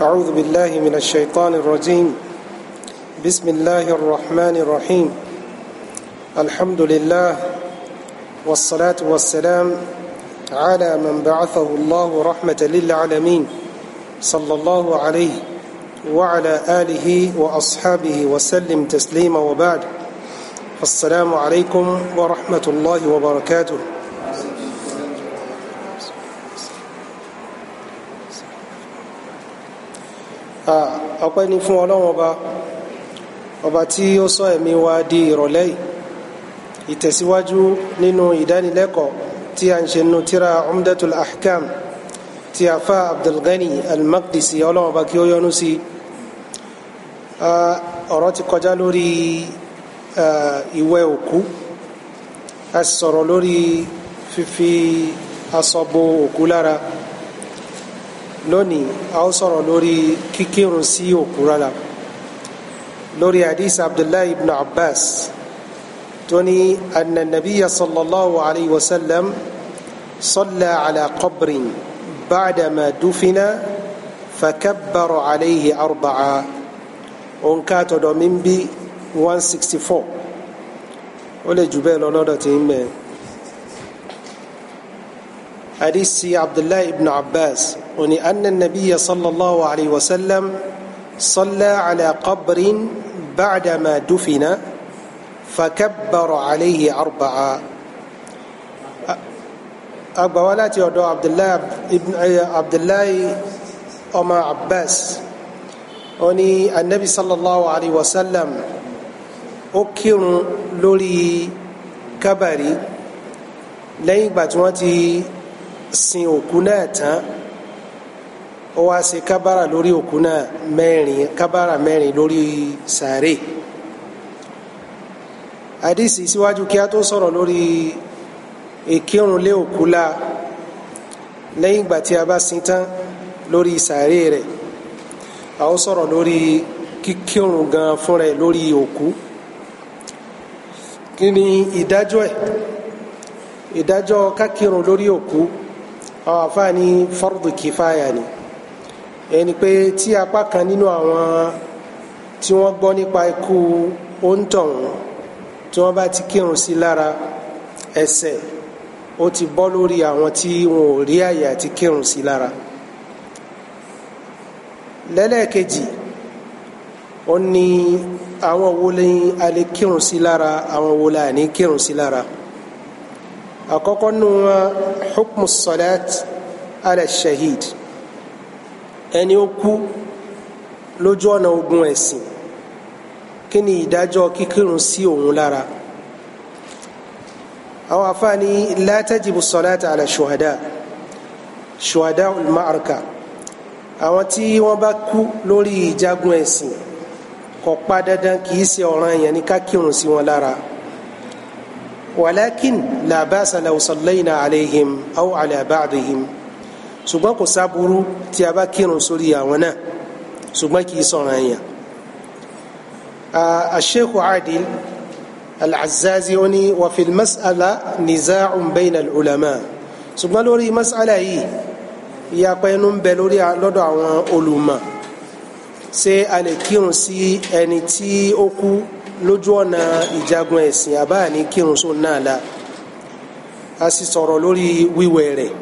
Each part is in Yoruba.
أعوذ بالله من الشيطان الرجيم بسم الله الرحمن الرحيم الحمد لله والصلاة والسلام على من بعثه الله رحمة للعالمين صلى الله عليه وعلى آله وأصحابه وسلم تسليما وبعد السلام عليكم ورحمة الله وبركاته ọpẹ́ ni fún ọlọ́run ọba ọba tí ó sọ ẹ̀mí wa di ìrọ̀lẹ́ yìí ìtẹ̀síwájú nínú ìdánilẹ́kọ̀ọ́ tí a ń ṣe nínú tírà umdatul ahkam tí afa abdulgani almaqdisi ọlọ́run ọba kí ó yọ́nú sí ọ̀rọ̀ ti kọjá lórí ìwẹ̀ òkú a sọ̀rọ̀ lórí fífi aṣọ òkú lára lónìí a ó sọ̀rọ̀ lórí kíkírun sí òkú rárá lórí hadith abdullahi ibn abbas tó ní anna nabiya sallallahu alayhi wa sallam صلى على قبر بعدما دفن فكبر عليه أربعة أنكاتو دومينبي 164 ولي جبال ولودتهم حديث عبد الله بن عباس وني أن النبي صلى الله عليه وسلم صلى على قبر بعدما دفن فكبر عليه أربعة أقبالات يودو عبد الله ابن عبد الله أما عباس وني النبي صلى الله عليه وسلم أكيم لولي كبري لين باتواتي سين òkú náà tán ó wá se kábàrà lórí òkú náà mẹ́rin kábàrà mẹ́rin lórí sàárè àdìsí síwájú kí a tó sọ̀rọ̀ lórí ìkírun lé òkú la lẹ́yìn ìgbà tí a bá sin tán lórí sàárè rẹ̀ a ó sọ̀rọ̀ lórí kíkírun gan fún rẹ̀ lórí òkú kí ni ìdájọ́ ẹ̀ ìdájọ́ kákírun lórí òkú àwọn àfáà ní fọ́rùdù kìfáyà ni. ẹni pé tí apá kan nínú àwọn tí wọ́n gbọ́ nípa ikú òǹtọ̀hún tí wọ́n bá ti kírun sí lára ẹsẹ̀ ó ti bọ́ lórí àwọn tí wọn ò rí àyè àti kírun sí lára lẹ́lẹ́kejì ó ní àwọn wo ni a lè kírun sí lára àwọn wo la ní kírun sí lára àkọ́kọ́ nù wọn hukmu salat ala shahid ẹni ó kú lójú ọ̀nà ogun ẹ̀sìn kí ni ìdájọ́ kíkírun sí òun lára àwọn afáàní la tajibu salata ala shuhada shuhada al-ma'araka àwọn tí wọ́n bá kú lórí ìjagun ẹ̀sìn kò pa dandan kì í ṣe ọ̀ràn yẹn ní ká sí wọn lára walakin la ba'sa law sallayna alayhim aw ala ba'dihim ṣùgbọ́n kò sábúrú tí a bá kírun sórí àwọn náà ṣùgbọ́n kì í sọ̀rọ̀ ẹ̀yàn. الشيخ عادل العزازي وفي المسألة نزاع بين العلماء ṣùgbọ́n lórí mas'ala yìí ìyapa ẹnu ń bẹ lórí lọ́dọ̀ àwọn olùmọ̀ ṣé a lè kírun sí ẹni tí ó kú lójú ọ̀nà ìjagun ẹ̀sìn àbáà ní kírun sóun náà la a sì sọ̀rọ̀ lórí wíwẹ̀ rẹ̀.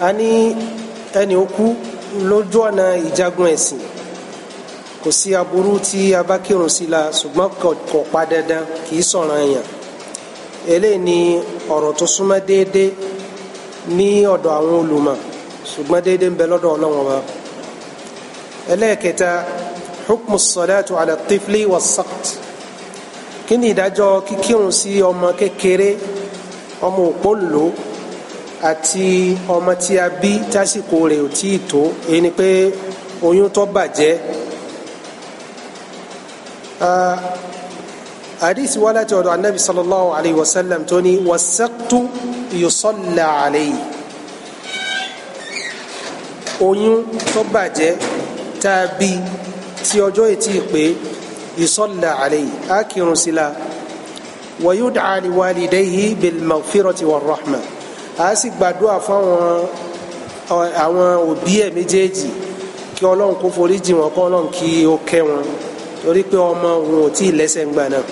a ní ẹni ó lójú ọ̀nà ìjagun ẹ̀sìn kò sí aburú tí a la ṣùgbọ́n kò pa dandan kì í ni ọ̀rọ̀ tó súnmọ́ déédéé ní ọ̀dọ̀ àwọn olùmọ̀ ṣùgbọ́n déédéé ń bẹ lọ́dọ̀ Ọlọ́run wa ẹlẹ́ẹ̀kẹta hukmu ala tifli wa sakt kí ni ìdájọ́ kíkírun sí ọmọ kékeré ọmọ òpó lòó àti ọmọ tí a bí tásìkò rẹ̀ ò tí ì tó èyí ni pé oyún tó bàjẹ́ àdìsí wá láti ọ̀dọ̀ anábì sallallahu alayhi wa sallam tó ní wasaqtu yusalla alayhi oyún tó bàjẹ́ tá a bí tí ọjọ́ ètí pé yusalla alayhi á kírun sí la wa yud'a liwalidayhi bil maghfirati war rahmah a sì gbàdúrà fáwọn àwọn òbí ẹ̀ méjèèjì kí ọlọ́run kó foríjì wọn kọ́ ọlọ́run kí ó kẹ́ wọn torí pé ọmọ òun ò tí ì lẹ́sẹ̀ ń gbà náà.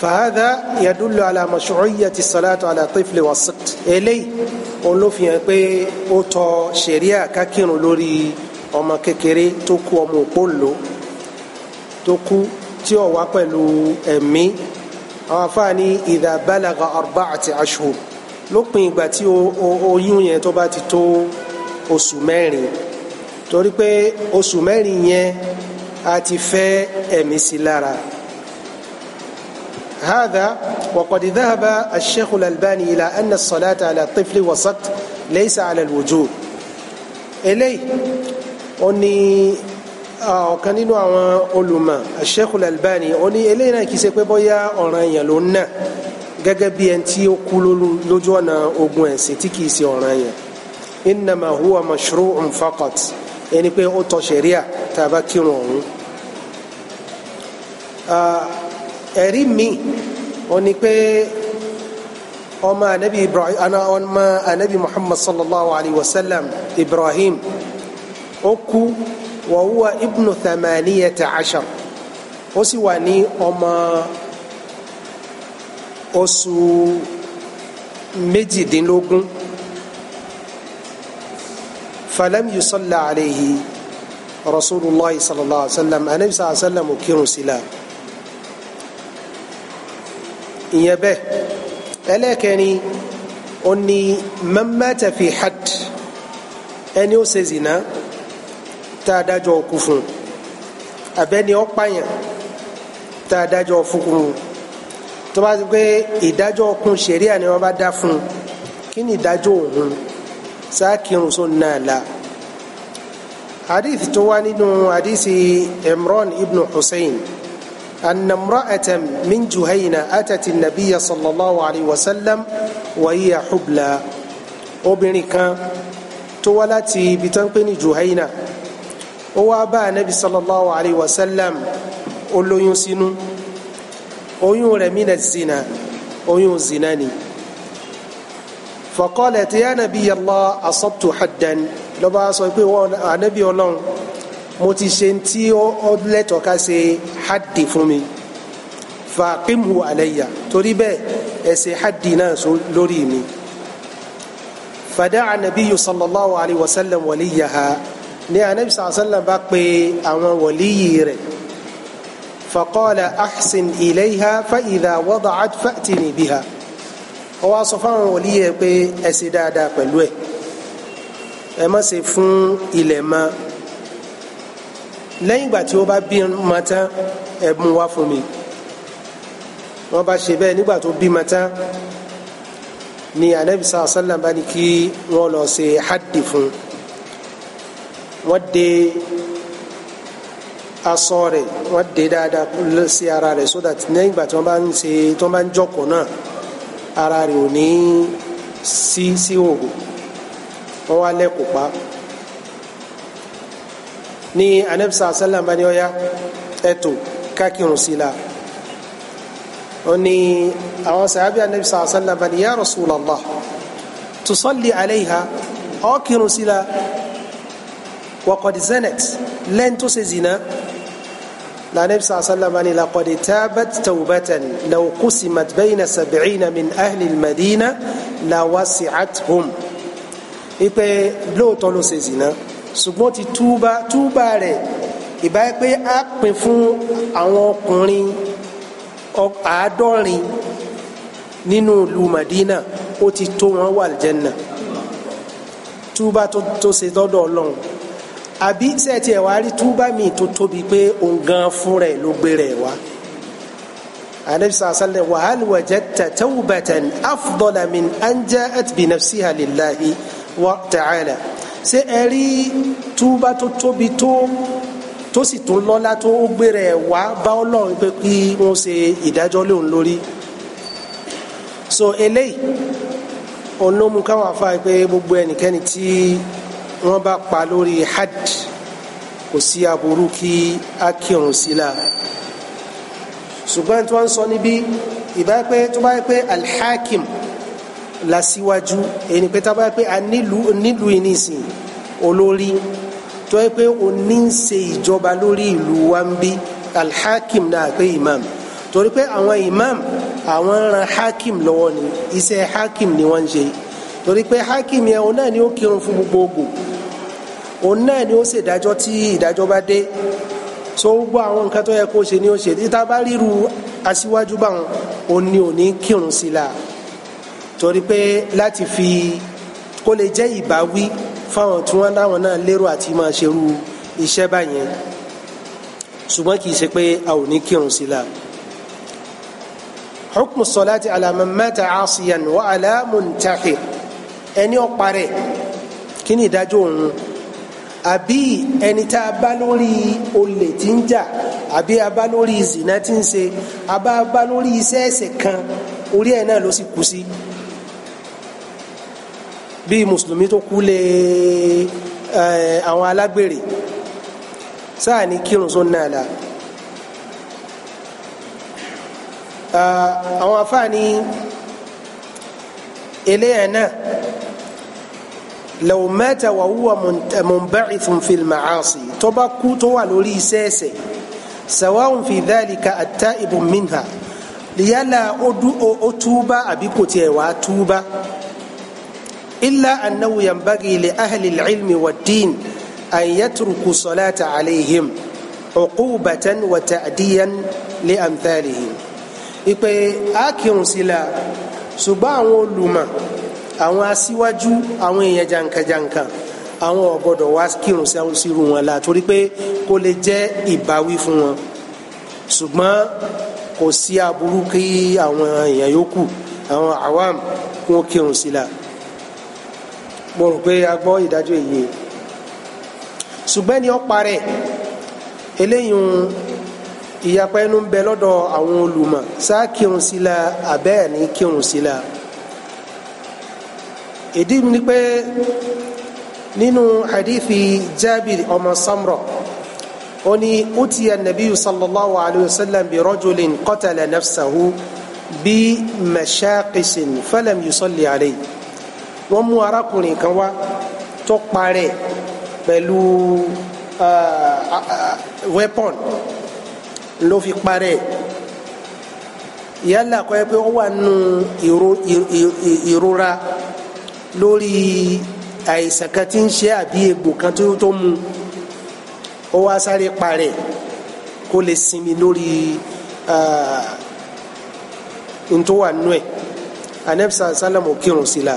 فهذا يدل على مشروعية الصلاة على طفل وسط eléyìí ló fi hàn pé ó tọ́ ṣẹ̀ríà ká kírun lórí ọmọ kékeré tó kú ọmọ òpó lò tó kú tí ó wà pẹ̀lú ẹ̀mí àwọn afáàní idha balaga arba'ati ashhur lópin ìgbà tí oyún yẹn tó bá ti tó oṣù mẹ́rin torí pé oṣù mẹ́rin yẹn a ti fẹ́ ẹ̀mí sí lára. هذا وقد ذهب الشيخ الألباني إلى أن الصلاة على الطفل وسط ليس على الوجوب إلي أني Ah, ọ̀kan nínú àwọn olùmọ̀ Sheikhul Albani ó ní eléyìí náà kìí ṣe pé bóyá ọ̀ràn èèyàn ló ń nà gẹ́gẹ́ bí ẹni tí ó kú lójú ọ̀nà ogun ẹ̀sìn tí kìí ṣe ọ̀ràn èèyàn innama huwa mashru'un faqat ẹni pé ó tọ ṣẹ̀ríà tá a bá kírun ọ̀hún. Ah, ẹ̀rí mi ó ní pé ọmọ anabi Ibrahim Muhammad sallallahu alayhi wa sallam Ibrahim ó kú wa huwa ibnu thamaniyata ashar ó sì wà ní ọmọ oṣù méjìdínlógún falam yusalla alayhi rasulillah sallallahu alaihi wa sallam anabi sallallahu alaihi wa sallam kírun sí la ìyẹn bẹ́ẹ̀ ẹlẹ́kẹ̀ẹ́ni ó ní man mata fi hadd ẹni ó ṣe zina tá a dájọ́ òkú fún abẹ́ni ọ̀pàyàn tá a dájọ́ òkú tó bá ti pé ìdájọ́ òkú ṣẹ̀ríà ni wọ́n bá dá fún kí ni ìdájọ́ òun sáà kírun sóun náà la hadith tó wá nínú hadisi Imran ibn Hussein. أن امرأة من جهينة أتت النبي صلى الله عليه وسلم وهي حبلى obìnrin kan tó wá láti ibi tó ń pè ní Juhaina ó wá bá anabi sallallahu alayhi wa sallam ó lóyún sínú oyún rẹ̀ mina zina oyún zina ni faqalat ya nabiyallah asabtu haddan lọ́ba sọ pé wọ́n anabi ọlọ́run mo ti ṣe tí ó lẹ́tọ̀ọ́ ká ṣe haddi fún mi fàákìmù àlẹyà torí bẹ́ẹ̀ ẹ ṣe haddi náà lórí mi fàdá ànàbíyù sallallahu alayhi wa sallam wàlíyàha ní anabi sàlẹ̀ bá pe àwọn wòlíyì rẹ̀ faqala ahsin ilayha fa idha wada'at fa'tini biha ó wá sọ fáwọn wòlíyì rẹ̀ pé ẹ ṣe dáadáa pẹ̀lú ẹ̀ ẹ má ṣe fún ilẹ̀ mọ́ lẹ́yìn ìgbà tí ó bá bí ọmọ tán ẹ mú wá fún mi wọ́n bá ṣe bẹ́ẹ̀ nígbà tó bímọ tán ni anabi sàlẹ̀ bá ní kí wọ́n lọ ṣe haddi fún un wọ́n de aṣọ rẹ̀ wọ́n de dáadáa sí ara rẹ̀ so that lẹ́yìn ìgbà tí wọ́n bá ń ṣe tí wọ́n bá ń jókòó náà ara rẹ̀ ò ní sí sí òògùn wọ́n wá lẹ́kọ̀ọ́ pa ní anabisa asalam bá ní ọ̀ya ẹ̀tọ́ kákìrún sí la ó ní àwọn sàábì anabisa asalam bá ní ya Rasulullah tusalli alayha ọ̀kìrún sí la waqad zanat lẹ́ni tó ṣe zina lànàbí sàlám ni laqad tabat tawbatan law qusimat bayna sab'ina min ahli al-madina la wasi'athum ipe lóòótọ́ ló ṣe zina ṣùgbọ́n ti túbà túbà rẹ̀ ìbá yẹ pé a pín fún àwọn ọkùnrin àádọ́rin nínú ìlú Madina ó ti tó wọn wà aljanna túbà tó ṣe dọ́dọ̀ ọlọ́run àbí sẹ́ẹ̀tì ẹ̀ wá rí túbà mi tó tóbi pé òun gan fún rẹ̀ ló gbé rẹ̀ wá anabi sàlá sàlẹ wa hal wajadta tawbatan afdala min an ja'at bi nafsiha lillahi wa ṣé ẹ rí túbà tó tóbi tó tó sì tó lọ́lá tó gbé rẹ̀ wá bá ọlọ́run pé kí wọ́n ṣe ìdájọ́ lóun lórí so eléyìí òun ló mú káwọn afáà pé gbogbo ẹnikẹ́ni tí wọ́n bá pa lórí hajj kò sí aburú kí a kírun sí la ṣùgbọ́n tí wọ́n ń sọ níbí ìbá pé tó bá yẹ pé alhakim la síwájú ẹni pé tá bá yẹ pé a nílùú ìnísìn olórí tó yẹ pé o ní ń ṣe ìjọba lórí ìlú wa ń bí alhakim náà pé imam torí pé àwọn imam àwọn ran hakim lọ́wọ́ ni iṣẹ́ hakim ni wọ́n ń ṣe yìí torí pé hakim yẹn òun náà ni ó kírun fún gbogbogbò òun náà ni ó ṣe ìdájọ́ tí ìdájọ́ bá dé so gbogbo àwọn nǹkan tó yẹ kó ṣe ni ó ṣe títa bá ríru aṣíwájú báwọn òun ni ò ní kírun sí la torí pé láti fi kó lè jẹ́ ìbáwí fáwọn tí wọ́n láwọn náà lérò àti máa ṣerú iṣẹ́ báyẹn ṣùgbọ́n kì í ṣe pé a ò ní kírun sí la. حكم الصلاة على من مات عاصيا وعلى منتحر ẹni ọ̀pá rẹ̀ kí ni ìdájọ́ òun àbí ẹni tá a bá lórí olè tí ń jà àbí a bá lórí zina tí ń ṣe a bá a bá lórí iṣẹ́ ẹ̀ṣẹ̀ kan orí ẹ̀ náà ló sì kú sí bí mùsùlùmí tó kú lé àwọn alágbèrè sáà ní kírun sóńnà àlà àwọn afáàní eléyàn náà law mata wa huwa munba'ithun fil ma'asi tó bá kú tó wà lórí iṣẹ́ ẹ̀ṣẹ̀ sawa'un fi dhalika at-ta'ibu minha yálà ó túbá àbí kò tiẹ̀ wá túbá illa annahu yanbaghi li ahli al-ilmi wad-din an yatruku salata alayhim uqubatan wa ta'diyan li amthalihim ìpè ákìrùn sí ṣùgbọ́n àwọn olùmọ̀ àwọn aṣíwájú àwọn èèyàn jàǹkàjàǹkà àwọn ọ̀gbọ́dọ̀ wá kírun sírun wọn la torí pé kó lè jẹ́ ìbáwí fún wọn ṣùgbọ́n kò sí aburú kí àwọn èèyàn yòókù àwọn awam kí wọ́n kírun sí la mo rò pé a gbọ́ ìdájọ́ èyí ṣùgbọ́n ni ó parẹ́ eléyìí ìyapa ẹnu ń bẹ lọ́dọ̀ àwọn olùmọ̀ sáà kírun sí la àbẹ́ẹ̀ ní kírun sí la ìdí ni pé nínú hadithi Jabir ọmọ Samra ó ní utiya nabiyu sallallahu alayhi wa sallam bi rajulin qatala nafsahu bi mashaqisin falam yusalli alayhi wọ́n mú arákùnrin kan wá tó parẹ́ pẹ̀lú uh, weapon ló fi parẹ́ yálà kọ́ ẹ pé ó wà nù ìrora. iro, iro, lórí àìsàn kan tí ń ṣe àbí egbò kan tó tó mu ó wá sáré parẹ́ kó lè sinmi lórí ntòwà nù ẹ̀ anabisa salam ò kírun sí la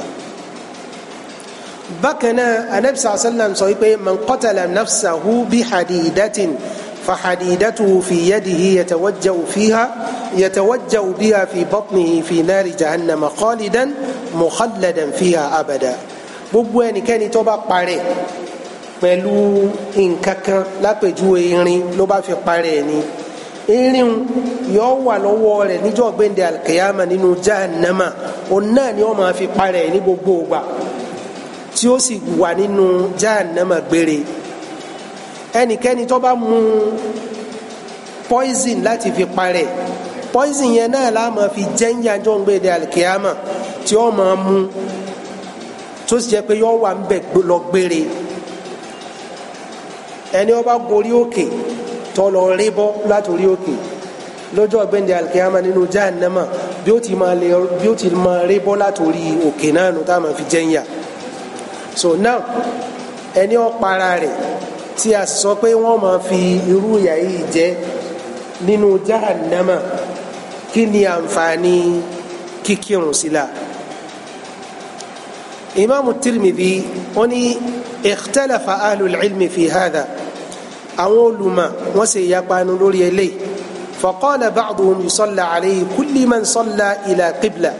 bákan náà anabisa salam sọ wípé man qatala nafsahu bí hadidatin fa hadidatuhu fi yadihi yatawajjau يتوجه بها في بطنه في نار جهنم خالدا مخلدا فيها أبدا gbogbo ẹnikẹ́ni tó bá parẹ́ pẹ̀lú nǹkan kan lápèjúwe irin ló bá fi parẹ́ ni irin yóò wà lọ́wọ́ rẹ̀ níjọ́ gbẹ̀ndẹ̀ alikiyama nínú jahannama òun náà ni wọ́n máa fi parẹ́ ní gbogbo ìgbà tí ó sì wà nínú jahannama gbére ẹnikẹ́ni tó bá mu poison láti fi parẹ́ poison yẹn náà la fi jẹ́ ń ń gbé de alikiyama tí ó máa mú tó sì jẹ pé yọ wà ń lọ gbére ẹni ó bá gorí òkè tó lọ rí bọ́ látòrí òkè lọ́jọ́ alikiyama nínú jahannama bí ó ti máa lè bí ó ti máa rí fi so now ẹni para tí a sọ pé máa fi irú yìí jẹ kí ni àǹfààní kíkírun sílá imaamu tirmidhi ó ní ikhtalafa ahlul ilmi fi hadha àwọn olùmọ̀ wọ́n sì yapanu lórí eléyìí faqala ba'duhum yusalla alayhi kulli man salla ila qibla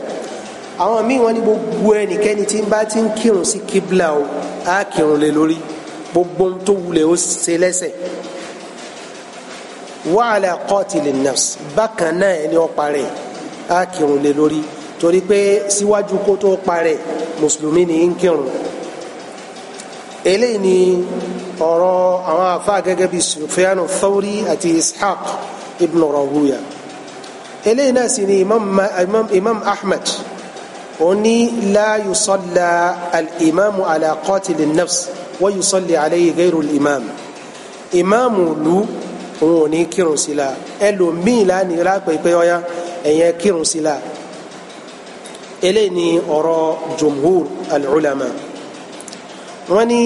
àwọn míì wọ́n ní gbogbo ẹnikẹ́ni tí ń bá ti ń kírun sí qibla o á kírun lé lórí gbogbo tó wulẹ̀ ó ṣe lẹ́sẹ̀ wa ala qatilin nafs bákan náà ẹni ó parẹ́ á kírun lé lórí torí pé síwájú kó tó parẹ́ mùsùlùmí ni ń kírun eléyìí ni ọ̀rọ̀ àwọn afa gẹ́gẹ́ bíi sufyanu thawri àti ishaq ibn rahuya eléyìí náà sì ni imam, ahmed oni la yusalla al-imamu ala qatil an-nafs wa yusalli alayhi al-imam Imam òun ò ní kírun sí la ẹlòmíì lánìí lápẹ́ pé ọ̀yá ẹ̀yẹn kírun sí la eléyìí ni ọ̀rọ̀ jumhur al-ulama wọ́n ní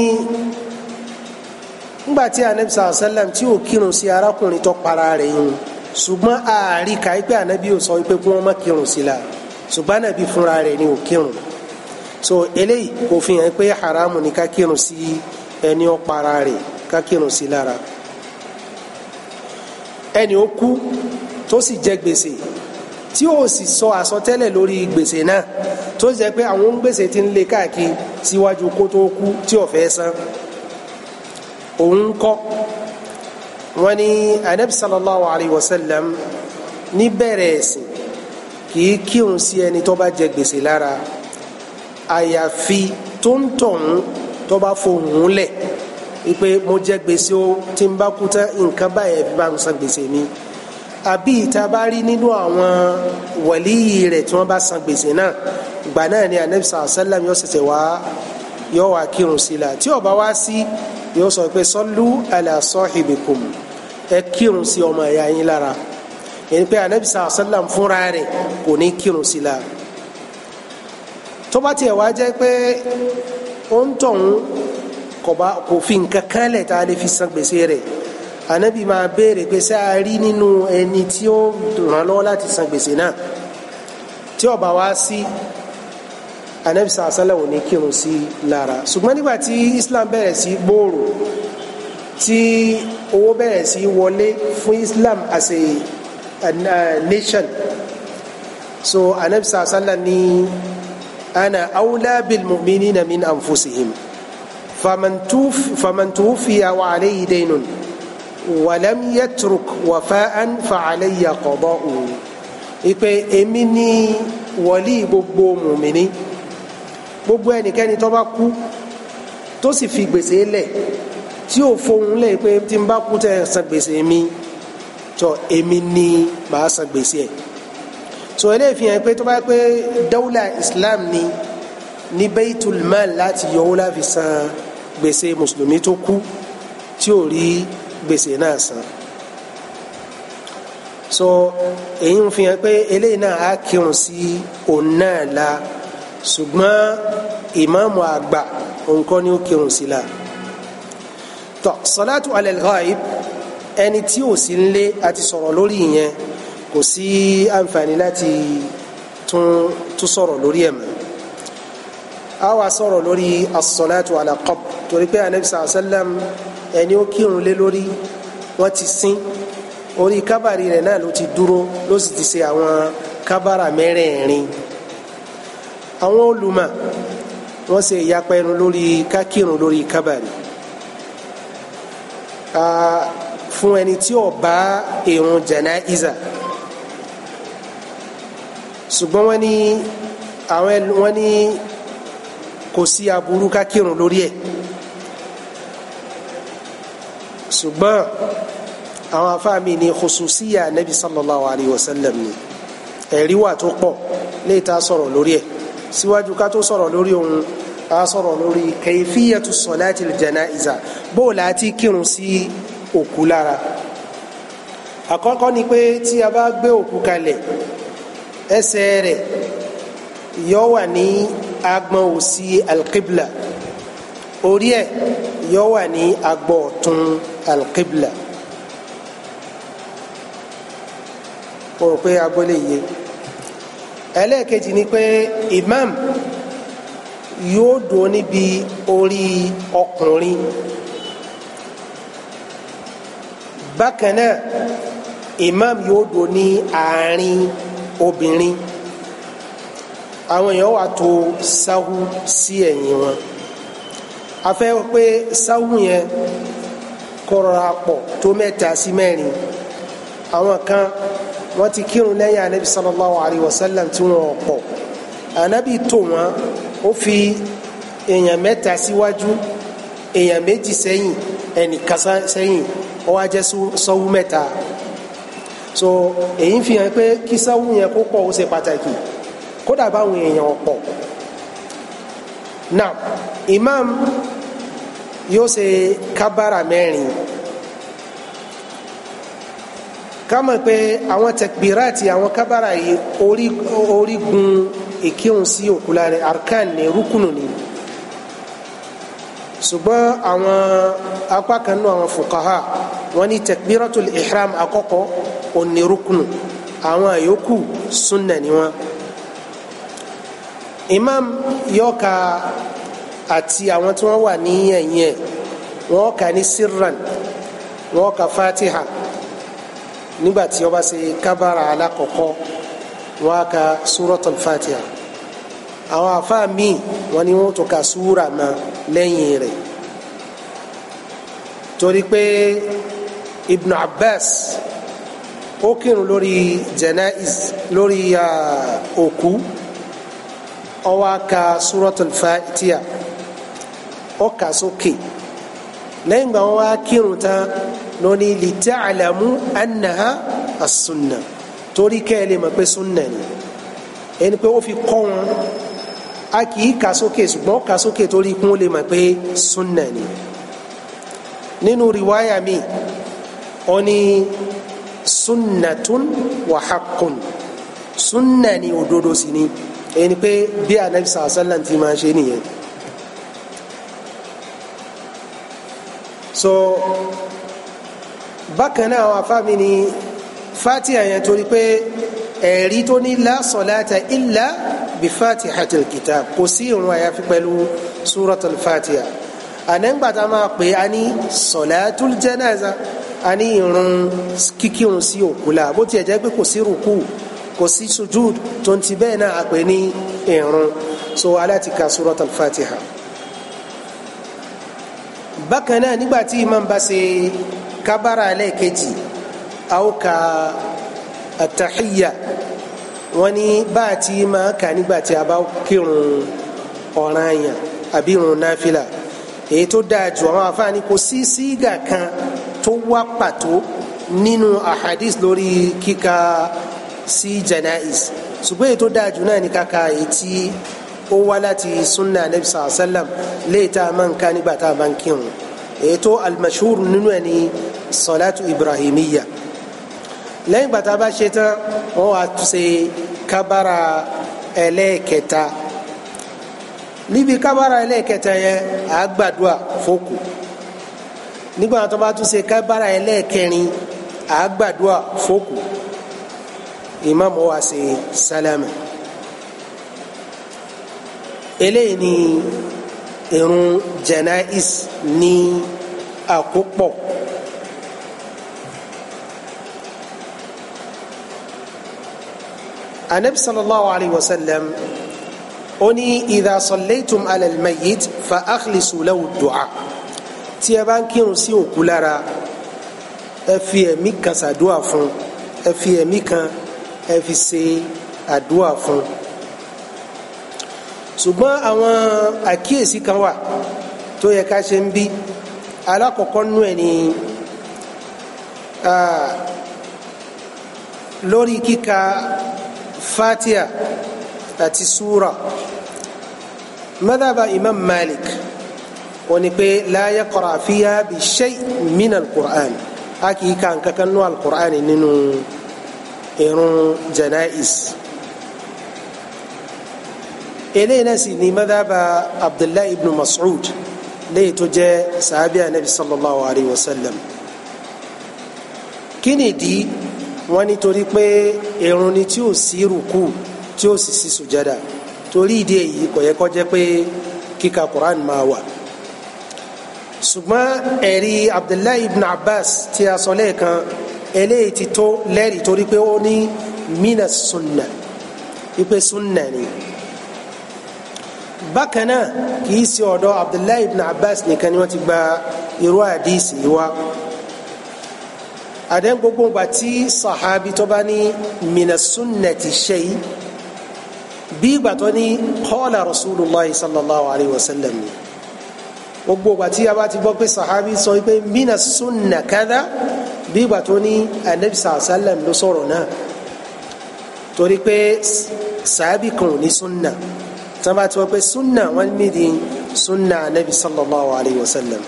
ngbàtí anabi sallallahu alayhi wa sallam tí ó kírun sí arákùnrin tó para rẹ̀ yìí ṣùgbọ́n ààrí ka pé anabi ò sọ pé kí wọ́n má kírun sí la ṣùgbọ́n anabi fúnra rẹ̀ ni ò kírun so eléyìí kò fi hàn pé haramu ni ká kírun sí ẹni ó para rẹ̀ ká kírun sí lára. La ẹni ó kú tó sì jẹ gbèsè tí ó sì sọ àsọtẹ́lẹ̀ lórí gbèsè náà tó sì jẹ pé àwọn gbèsè ti ń lé káàkiri síwájú kó tó kú tí ó fẹ́ san òun kọ́ wọ́n ní anabi sallallahu alayhi wa sallam ní bẹ̀rẹ̀ ẹ̀sìn kì í kírun sí ẹni tó bá jẹ gbèsè lára àyàfi tó ń tọ̀hún tó bá fohùn lẹ̀ wípé mo jẹ gbèsè o tí n bá kú tán nǹkan báyẹn fi bá ń san gbèsè mi àbí ìta bá rí nínú àwọn wàlíyì rẹ̀ tí wọ́n bá san gbèsè náà gbà náà ni anabi sàlá sàlám yóò ṣẹ̀ṣẹ̀ wá yóò wá kírun sí la tí ó bá wá sí yóò sọ pé sallu ala sahibikum ẹ kírun sí ọmọ ẹ̀yà yín lára ẹni pé anabi sàlá sàlám fúnra rẹ̀ kò ní kírun sí la tó bá tiẹ̀ wá jẹ́ pé ó ń tọ̀hún kò fi nǹkan kan lẹ̀ tá a lè fi san gbèsè rẹ̀ anabi máa béèrè pé ṣé a rí nínú ẹni tí ó ràn lọ́wọ́ láti san gbèsè náà tí ó bá wá sí anabi sàásálẹ̀ ò ní kírun sí lára ṣùgbọ́n nígbà tí Islam bẹ̀rẹ̀ sí gbòòrò tí owó bẹ̀rẹ̀ sí wọlé fún Islam as a, a, a nation so anabi sàásálẹ̀ ní ana awla bil mu'minina min anfusihim. فمن توفي وعليه دين ولم يترك وفاء فعلي قضاؤه ìpè èmi ni wọlí gbogbo mùmíní gbogbo ẹnikẹ́ni tó bá kú tó sì fi gbèsè lẹ̀ tí ò fohùn lẹ̀ pé tí n bá kú tẹ̀ san gbèsè mi tó èmi ni màá san gbèsè ẹ̀ tó eléyìí fi hàn pé tó bá dawla islam ni ní baitul mal láti yọ ọ́ san gbèsè mùsùlùmí tó kú tí ò rí gbèsè náà san so èyí ń fi hàn pé eléyìí náà á kírun sí òun náà la ṣùgbọ́n ìmáàmù àgbà òun kọ́ ni ó kírun sí la tọ salatu alal ghaib ẹni tí ò sí nílé àti sọ̀rọ̀ lórí ìyẹn kò sí àǹfààní láti tún sọ̀rọ̀ lórí ẹ̀ a wá sọ̀rọ̀ lórí asọ́látù alaqab torí pé anabi sàlá sálàm ẹni ó kírun lé lórí wọ́n ti sin orí kábàárì rẹ̀ náà ló ti dúró ló sì ti ṣe àwọn kábàárà mẹ́rẹ̀ẹ̀rin àwọn olùmọ̀ wọ́n ṣe ìyapa lórí kákírun lórí kábàárì fún ẹni tí ó bá ìrun jẹnáìza ṣùgbọ́n wọ́n ní àwọn wọ́n ní kò sí aburú ká kírun lórí ẹ̀ ṣùgbọ́n àwọn afáàmì ni khususiya nabi sallallahu alayhi wa sallam ni ẹ̀rí wà tó pọ̀ lè ta sọ̀rọ̀ lórí ẹ̀ síwájú ká tó sọ̀rọ̀ lórí ohun a sọ̀rọ̀ lórí kayfiyatu salati al-janaiza bóòlù àti kírun sí òkú lára àkọ́kọ́ ni pé tí a bá gbé òkú kalẹ̀ ẹsẹ̀ rẹ̀ yọ wà ní agbọ̀n òsì alqibla orí ẹ̀ yọ wà ní agbọ̀n ọ̀tún alqibla mo rò pé agbọ́n lè yé ẹlẹ́ẹ̀kejì ni pé imam yóò dúró níbi orí ọkùnrin bákan náà imam yóò dúró ní àárín obìnrin àwọn èèyàn wà tó sáwú sí ẹ̀yìn wọn a fẹ́ pé sáwú yẹn kọrọra pọ̀ tó mẹ́ta sí mẹ́rin àwọn kan wọ́n ti kírun lẹ́yìn anabi sallallahu alayhi wa sallam tí wọ́n pọ̀ anabi tó wọn ó fi èèyàn mẹ́ta síwájú èèyàn méjì sẹ́yìn ẹnìkan sẹ́yìn ó wá jẹ́ sáwú mẹ́ta so èyí fi hàn pé kí sáwú yẹn kó pọ̀ ó ṣe pàtàkì kódà báwọn èèyàn ọ̀pọ̀ now imam yóò ṣe kábàrà mẹ́rin ká mọ̀ pé àwọn tẹkbíràtì àwọn kábàrà yìí orígun ìkírun sí òkú lára arkan ní rúkùnù ni ṣùgbọ́n àwọn apá kan náà àwọn fuqaha wọ́n ní tẹkbíràtul ihram àkọ́kọ́ òní àwọn àyókù sunna ni wọ́n. imam yọka àti àwọn tí wọ́n wà ní ẹ̀yìn ẹ̀ wọ́n kà ní sirran wọn kà fatiha nígbà tí ó bá ṣe kábàrà alákọ̀ọ́kọ́ wọ́n kà suratul fatiha àwọn àfa míì wọ́n ní wọ́n tún ka rẹ̀ torí pé ibn abbas ó kírun lórí janaiz lórí uh, òkú. ó wá ka suratul Fatiha ó kà sókè lẹ́yìn gbà wọ́n wá kírun tán lóní li ta'lamu annaha as-sunnah torí kẹ́ ẹ lè mọ̀ pé sunna ni ẹni pé ó fi kọ́ wọn a kì í kà sókè ṣùgbọ́n kà sókè torí kún lè mọ̀ pé sunna ni nínú riwaya mi ó ní sunnatun wa haqqun sunna ni òdodo sì ni èyí ni pé bí anabi sàlá ti máa ṣe nìyẹn. so bákan náà àwọn afáàmì ni fatiha yẹn torí pé ẹ̀rí tó ní la salata illa bí fatihatil kitab kò sí ìrun àyàfi pẹ̀lú suratul fatiha ànẹ́gbàtà máa pè á ní sọ̀lẹ́tul jẹ́nẹ́za a ní ìrun kíkírun sí òkú bó tiẹ̀ jẹ́ pé kò sí rùkú kò sí sujud tó ń ti bẹ́ẹ̀ náà àpè ní ìrun so aláti ka surat al-fatiha bákan náà nígbà tí imam bá ṣe kábàrà ẹlẹ́ẹ̀kejì àwọn ka àtàhíyà wọ́n ní bá a ti máa kà nígbà tí a bá kírun ọ̀ràn àyàn àbí irun náfìlà èyí tó dáa jù àwọn afáàní kò sí sígà kan tó wá pàtó nínú ahadith lórí kíka sí janais ṣùgbọ́n èyí tó dáa jù náà ní kàkà èyí tí ó wá láti sunna anabi sàlá sàlám léyìí tá a máa ń ká nígbà tá a máa ń kírun èyí tó almashhur nínú ẹni salatu ibrahimiyya lẹ́yìn gbàtà bá ṣe tán wọ́n wá ṣe kábàrà ẹlẹ́ẹ̀kẹta níbi kábàrà ẹlẹ́ẹ̀kẹta yẹn à gbàdúrà fókù nígbà tó bá tún ṣe kábàrà ẹlẹ́ẹ̀kẹrin à gbàdúrà fókù imam ó wá ṣe sálámà eléyìí ni irun janais ní àkópọ̀ anabi sallallahu alayhi wa sallam ó ní idha sallaytum ala al-mayyit fa akhlisu lahu du'a tí ẹ bá ń kírun sí òkú lára ẹ fi ẹ̀mí kan ṣàdúà fún ẹ fi ẹ̀mí kan ẹ fi ṣe àdúrà fún un ṣùgbọ́n àwọn àkíyèsí kan wà tó yẹ ká ṣe ń bí alákọ̀ọ́kọ́ nú ẹ̀ ni lórí kíka fatia àti súra madhaba imam malik wọ́n ní pé la yaqra fiha bi shay' min al a kì í ka nǹkan kan nú al nínú irun janais eléyìí náà sì ni madhaba abdullahi ibn mas'ud léyìí tó jẹ́ sàábì anabi sallallahu alayhi wa sallam kí ni ìdí wọn nítorí pé irun ni tí ò sí rúkú tí ó sì sí sùjádà torí ìdí èyí kò yẹ kó jẹ́ pé kíka quran máa wà ṣùgbọ́n ẹ̀rí abdullahi ibn abbas tí a sọ lẹ́ẹ̀kan eléyìí ti tó lẹ́rìí torí pé ó ní mina sunna ipe sunna ni bákan náà kì í ṣe ọ̀dọ̀ abdullahi ibn abbas nìkan ni wọ́n ti gba irú àdìsí wa àdẹ́n gbogbo ìgbà tí sàhábí tó bá ní mina sunnati shay bí ìgbà tó ní qala rasulillah sallallahu alayhi wa sallam ni gbogbo ìgbà tí a bá ti gbọ́ pé sàhábí sọ pé mina sunna kada bí ìgbà tó ní anabi sàlẹm ló sọ̀rọ̀ náà torí pé sàábì kan ò ní sunna tí wọn bá ti wọ pé sunna wọn ní di sunna anabi sallallahu alayhi wa sallam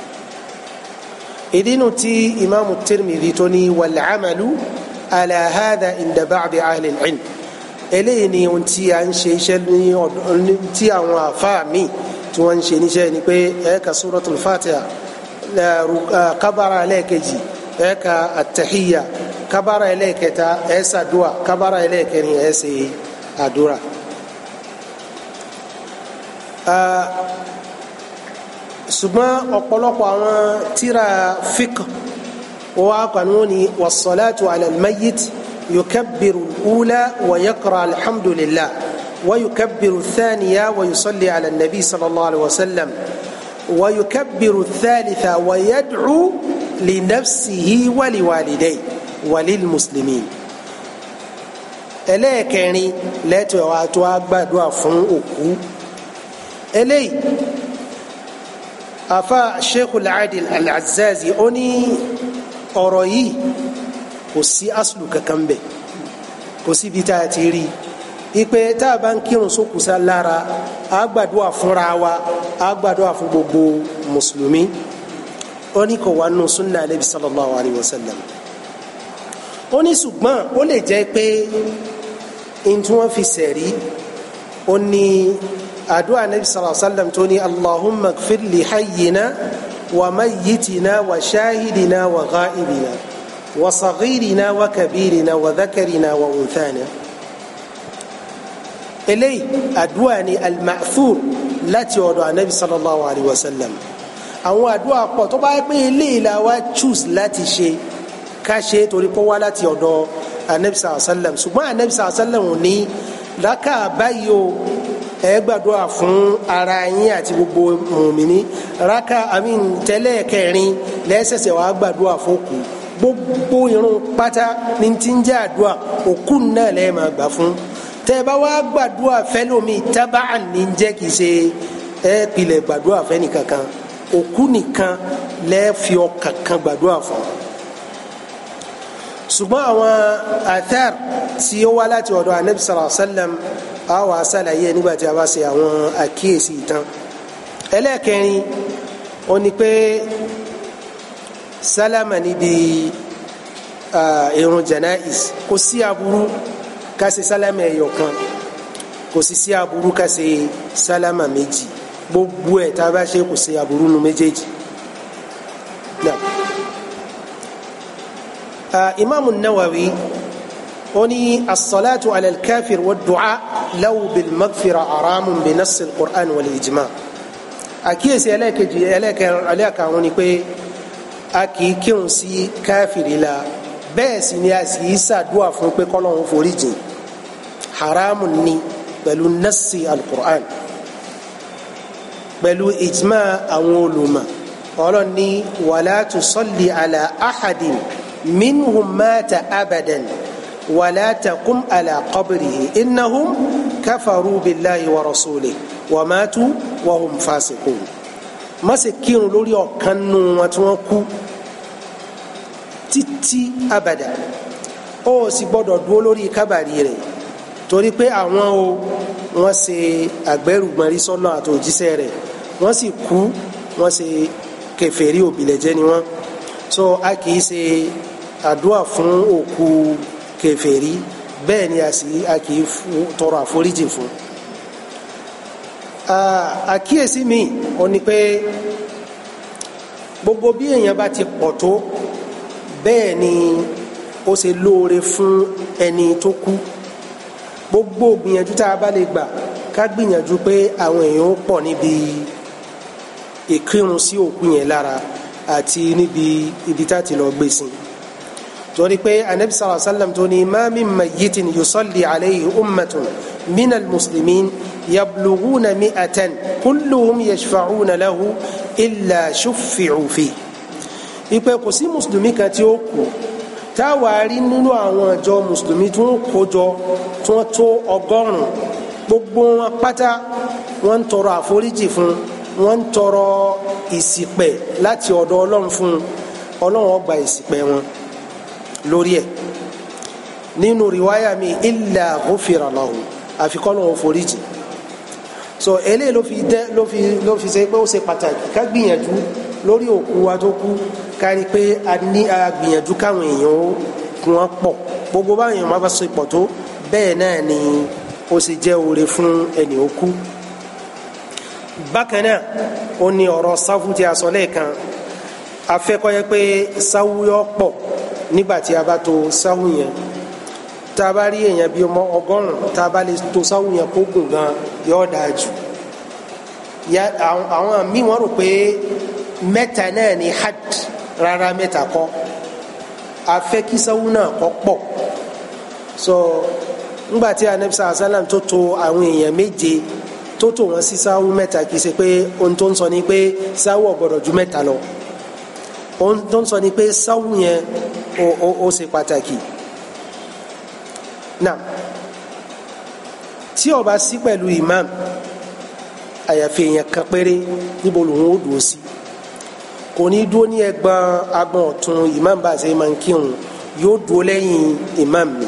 ìdí inú tí imaamu tirmidhi tó ní wàlcamalu ala hada inda ba'di ahli al-ilm eléyìí ni ohun tí a ń ṣe iṣẹ́ ní ọdún tí àwọn àfáà tí wọ́n ń ṣe níṣẹ́ ni pé ẹ̀ka suratul fatiha kabara lẹ́ẹ̀kejì ẹ ka àtẹ̀híyà kábàárà ẹlẹ́ẹ̀kẹta ẹ ṣàdúà kábàárà ẹlẹ́ẹ̀kẹrin ẹ ṣe àdúrà. ṣùgbọ́n ọ̀pọ̀lọpọ̀ àwọn tíra fíkà wọ́n á kàn wọ́n ní wassalatu ala almayyit yukabbiru al-ula wa yaqra alhamdulillah wa yukabbiru ath-thaniya wa yusalli ala sallallahu alayhi wa sallam. ويكبر الثالثة ويدعو لنفسه ولوالديه وللمسلمين ẹlẹ́ẹ̀kẹrin lẹ́tọ̀ wa tó a gbàdúrà fún òkú eléyìí afa sheikhul adil al-azazi ó ní ọ̀rọ̀ yìí kò sí aslu kankan bẹ̀ kò síbi tá a ti rí i ipe tá a bá ń kírun sókùsá lára a gbàdúrà fúnra wa a gbàdúrà fún gbogbo mùsùlùmí ó ní kò wá nù súnà alẹ́ bí sallallahu alayhi wa sallam ó ní ṣùgbọ́n ó lè jẹ́ pé n tí wọ́n fi sẹ̀rí ó ní àdúrà nabi sallallahu alayhi wa tó ní allahumma gfir li wa mayyitina wa shahidina wa ghaibina wa saghirina wa kabirina wa dhakarina wa unthana eléyìí àdúrà ni al-ma'thur láti ọ̀dọ̀ anabi sallallahu alayhi wa sallam àwọn àdúrà pọ̀ tó bá yẹ pé eléyìí la wá choose láti ṣe ká ṣe torí pé wá láti ọ̀dọ̀ anabi sallallahu alayhi wa sallam ṣùgbọ́n anabi sallallahu alayhi wa sallam ní lákà báyìí o ẹ gbàdúrà fún ara yín àti gbogbo mùmíní rákà àmín tẹ́lẹ̀ kẹrin lẹ́sẹ̀sẹ̀ wàá gbàdúrà fókù gbogbo irun pátá ní ti ń jẹ́ àdúrà òkú náà lẹ́ẹ̀ máa gbà fún tẹ́ bá wá gbàdúrà fẹ́lómi tábà ní jẹ́ kìí ṣe ẹ pilẹ̀ gbàdúrà fẹ́ni kankan òkú nìkan lẹ́ẹ̀fi ọkàn kan gbàdúrà fún ṣùgbọ́n àwọn athar tí ó wá láti ọ̀dọ̀ anabi sallallahu alayhi wa sallam a wà ṣàlàyé nígbà tí a bá ṣe àwọn àkíyèsí ìtàn ẹlẹ́ẹ̀kẹrin ó ní pé sálámà níbi irun janais kò sí aburú ká ṣe sálámà ẹyọ kan kò sì sí aburú ká ṣe sálámà méjì gbogbo ẹ̀ tá a bá ṣe kò sí aburú nu méjèèjì. imaamu nawawi ó ní asalaatu ala alkafir wa duca law bilmagfira aramun binasi alqur'an wal ijma àkíyèsí ẹlẹ́ẹ̀kejì ẹlẹ́ẹ̀kẹrin ẹlẹ́ẹ̀karùn-ún ni pé a kì í kírun sí káfìrí la bẹ́ẹ̀ sì ni a sì í ṣàdúrà fún pé kọ́lọ́hún forí jìn haramu ni pẹ̀lú nasi alukur'an pẹ̀lú ijma àwọn olùmọ̀ ọlọ́run ní wàlá tusalli ala ahadin minhum mata abadan wàlá taqum ala qabrihi innahum kafaru billahi wa rasulihi wa matu má ṣe kírun lórí ọ̀kan nù wọn tí wọ́n kú títí abàdà ó sì gbọ́dọ̀ dúró lórí kábàrí rẹ̀ torí pé àwọn o wọ́n ṣe àgbẹ́rùgbọ̀nrí sọ́nà àti òjíṣẹ́ rẹ̀ wọ́n sì kú wọ́n ṣe kèfèrí òbílẹ̀jẹ́ ni wọ́n so a kì í ṣe àdúrà fún òkú kèfèrí bẹ́ẹ̀ ni a kì í tọrọ àforíjì fún àkíyèsí mi ò ní pé gbogbo bí èèyàn bá ti pọ̀ tó bẹ́ẹ̀ ni ó ṣe lóore fún ẹni tó kú gbogbo gbìyànjú tá a bá lè gbà ká gbìyànjú pé àwọn èèyàn ó pọ̀ níbi ìkírun sí òkú yẹn lára àti níbi ibi tá a ti lọ gbé sí torí pé anabi sallallahu alayhi wa sallam tó ní ma min mayyitin yusalli alayhi ummatun min al-muslimin yablughuna mi'atan kulluhum yashfa'una lahu illa shuffi'u fihi ìpè kò sí mùsùlùmí kan tí ó kù táwa rí nínú àwọn àjọ mùsùlùmí tí wọ́n kó jọ tí wọ́n tó ọgọ́rùn-ún gbogbo wọn pátá wọ́n ń tọrọ àforíjì fún wọ́n ń tọrọ ìṣìpẹ̀ láti ọ̀dọ̀ Ọlọ́run fún Ọlọ́run ó gba wọn lórí ẹ̀ nínú riwaya mi illa ghufira àfikọ́nà òforíjì so eléyìí ló fi dẹ́ ló fi ló fi ṣe pé ó ṣe pàtàkì ká gbìyànjú lórí òkú wa tó kú kárí pé a ní agbìyànjú káwọn èèyàn ó kún wọn pọ̀ gbogbo báwọn èèyàn máa bá so pọ̀ tó bẹ́ẹ̀ náà ni ó sì jẹ́ oore fún ẹni ó kú bákan náà ó ní ọ̀rọ̀ sáfù tí a sọ lẹ́ẹ̀kan a fẹ́ kó yẹ pé sáwù yọ pọ̀ nígbà tí a bá to sáwù yẹn tá a bá rí èèyàn bíi ọmọ ọgọ́rùn-ún tá a bá lè to sáwù yẹn kó gùn gan yóò dáa jù àwọn àmì wọn rò pé mẹ́ta náà ni hajj rárá mẹ́ta kọ́ afẹ́ kí náà kọ́ pọ̀ so ńgbà tí anabisa asalam tó to àwọn èèyàn méje tó tò wọ́n sí sáwù mẹ́ta kì í ṣe pé ohun tó ń sọ ni pé sáwù ọ̀gbọ́dọ̀ ju mẹ́ta lọ ohun tó ń sọ ni pé sáwù yẹn ó ṣe pàtàkì náà tí ó sí pẹ̀lú imam àyàfi èèyàn kan péré níbo lòun ó dùn ó sí. Si kò ní dúró ní ẹ̀gbọ́n agbọn ọ̀tún imam bá ṣe máa ń kírun yóò dúró lẹ́yìn imam mi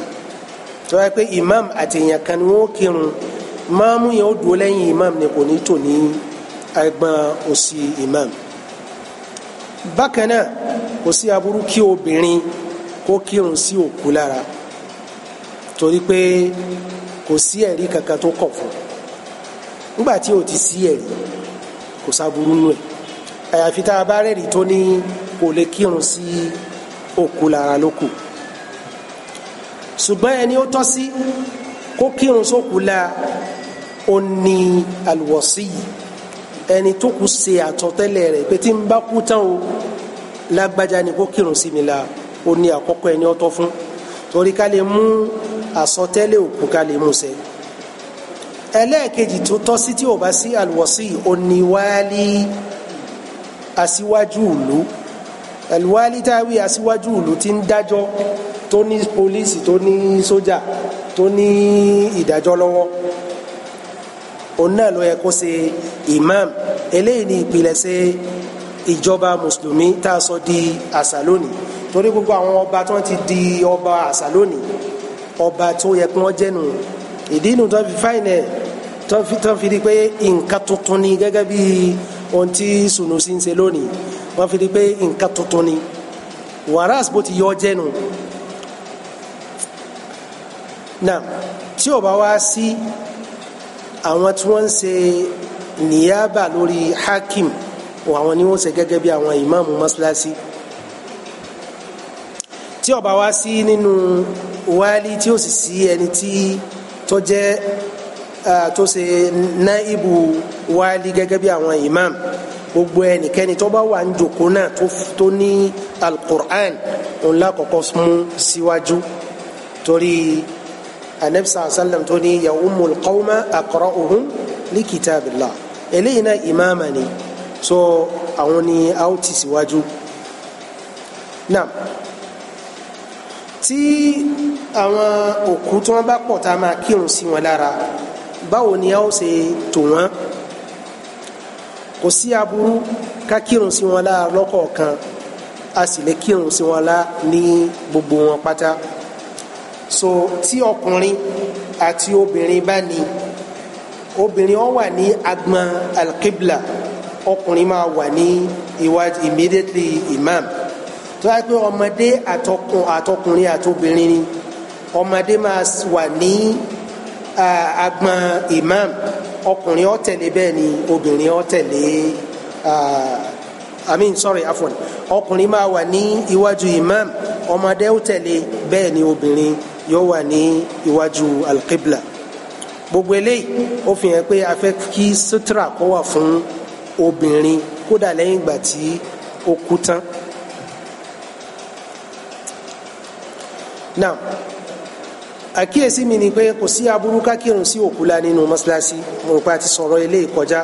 tó yẹ pé imam àti èèyàn kan ni wọ́n kírun máàmù yẹn ó dúró lẹ́yìn imam ni kò ní tò ní ẹ̀gbọ́n òsì imam bákan náà kò sí aburú kí obìnrin kó kírun sí òkú lára torí pé kò sí ẹ̀rí kankan tó kọ̀ fún un nígbà tí ò ti sí ẹ̀rí kò sáburú nù ẹ̀ àyàfi tá a bá rẹ́rìí tó ní kò lè kírun sí òkú lára lókù ṣùgbọ́n ẹni ó tọ́ sí kó kírun sókù la ó ní àlùwọ̀sí ẹni tó kù ṣe àtọ̀tẹ́lẹ̀ rẹ̀ pé tí ń bá kú tán o lágbájá ni kó kírun sí mi la ó ní àkọ́kọ́ ẹni ó tọ́ fún torí ká lè mú àsọtẹ́lẹ̀ òkú ká lè mú ṣẹ ẹlẹ́ẹ̀kejì tó tọ́ sí tí ò bá sí àlùwọ̀sí ó ní wáálí aṣíwájú ìlú ẹ̀lúwálí táwí aṣíwájú ìlú ti ń dájọ́ tó ní pólísì tó ní sójà tó ní ìdájọ́ lọ́wọ́ òun náà ló yẹ kó ṣe imam eléyìí ni ìpilẹ̀ṣẹ̀ ìjọba mùsùlùmí tá a sọ di àṣà lónìí torí gbogbo àwọn ọba tó ti di ọba àṣà lónìí ọba tó yẹ kí wọ́n jẹ́nu ìdí inú tó fi fáìnẹ̀ tó fi di pé nǹkan tuntun ni gẹ́gẹ́ bíi ohun tí Sunusi ń ṣe lónìí wọ́n fi di pé nǹkan tuntun ni wàràs bó ti yọ ọ jẹ́nu náà tí ó bá wá sí àwọn tí wọ́n ń ṣe níyàbà lórí hakim àwọn ni wọ́n ṣe gẹ́gẹ́ bí àwọn ìmáàmù mọ́ṣáláṣí tí ó bá wá sí nínú wálí tí ó sì sí ẹni tí tó jẹ́ tó ṣe náìbù wáálí gẹ́gẹ́ bí àwọn imam gbogbo ẹnikẹ́ni tó bá wà ń jòkó náà tó ní alukur'an òun lákọ̀ọ́kọ́ mú síwájú torí anabisa asalam tó ní ya umul qawma aqra'uhum li kitabillah eléyìí náà imaama ni so àwọn ni a ó ti síwájú náà tí àwọn òkú tí wọ́n bá pọ̀ tá a máa kírun sí wọn lára báwo ni a ó ṣe tò wọ́n kò sí aburú ká kírun sí wọn lára lọ́kọ̀ọ̀kan a sì lè kírun sí wọn lá ní gbogbo wọn pátá so tí ọkùnrin àti obìnrin bá ní obìnrin ó wà ní agbọn alqibla ọkùnrin máa wà ní iwájú immediately imam tó yà pé ọmọdé àtọkùnrin àtobìnrin ni ọmọdé máa wà ní agbọn imam ọkùnrin ó tẹ̀lé bẹ́ẹ̀ ni obìnrin ó i mean sorry afwan ọkùnrin máa wà ní iwájú imam ọmọdé ó tẹ̀lé bẹ́ẹ̀ ni obìnrin yóò wà ní iwájú alqibla gbogbo eléyìí ó fi hàn pé a fẹ́ kí sutra kó wà fún obìnrin kódà lẹ́yìn ìgbà tí ó kú tán. now àkíyèsí mi ni pé kò sí aburú ká kírun sí òkú la nínú mọ́ṣáláṣí mo rò pé a ti sọ̀rọ̀ ilé ìkọjá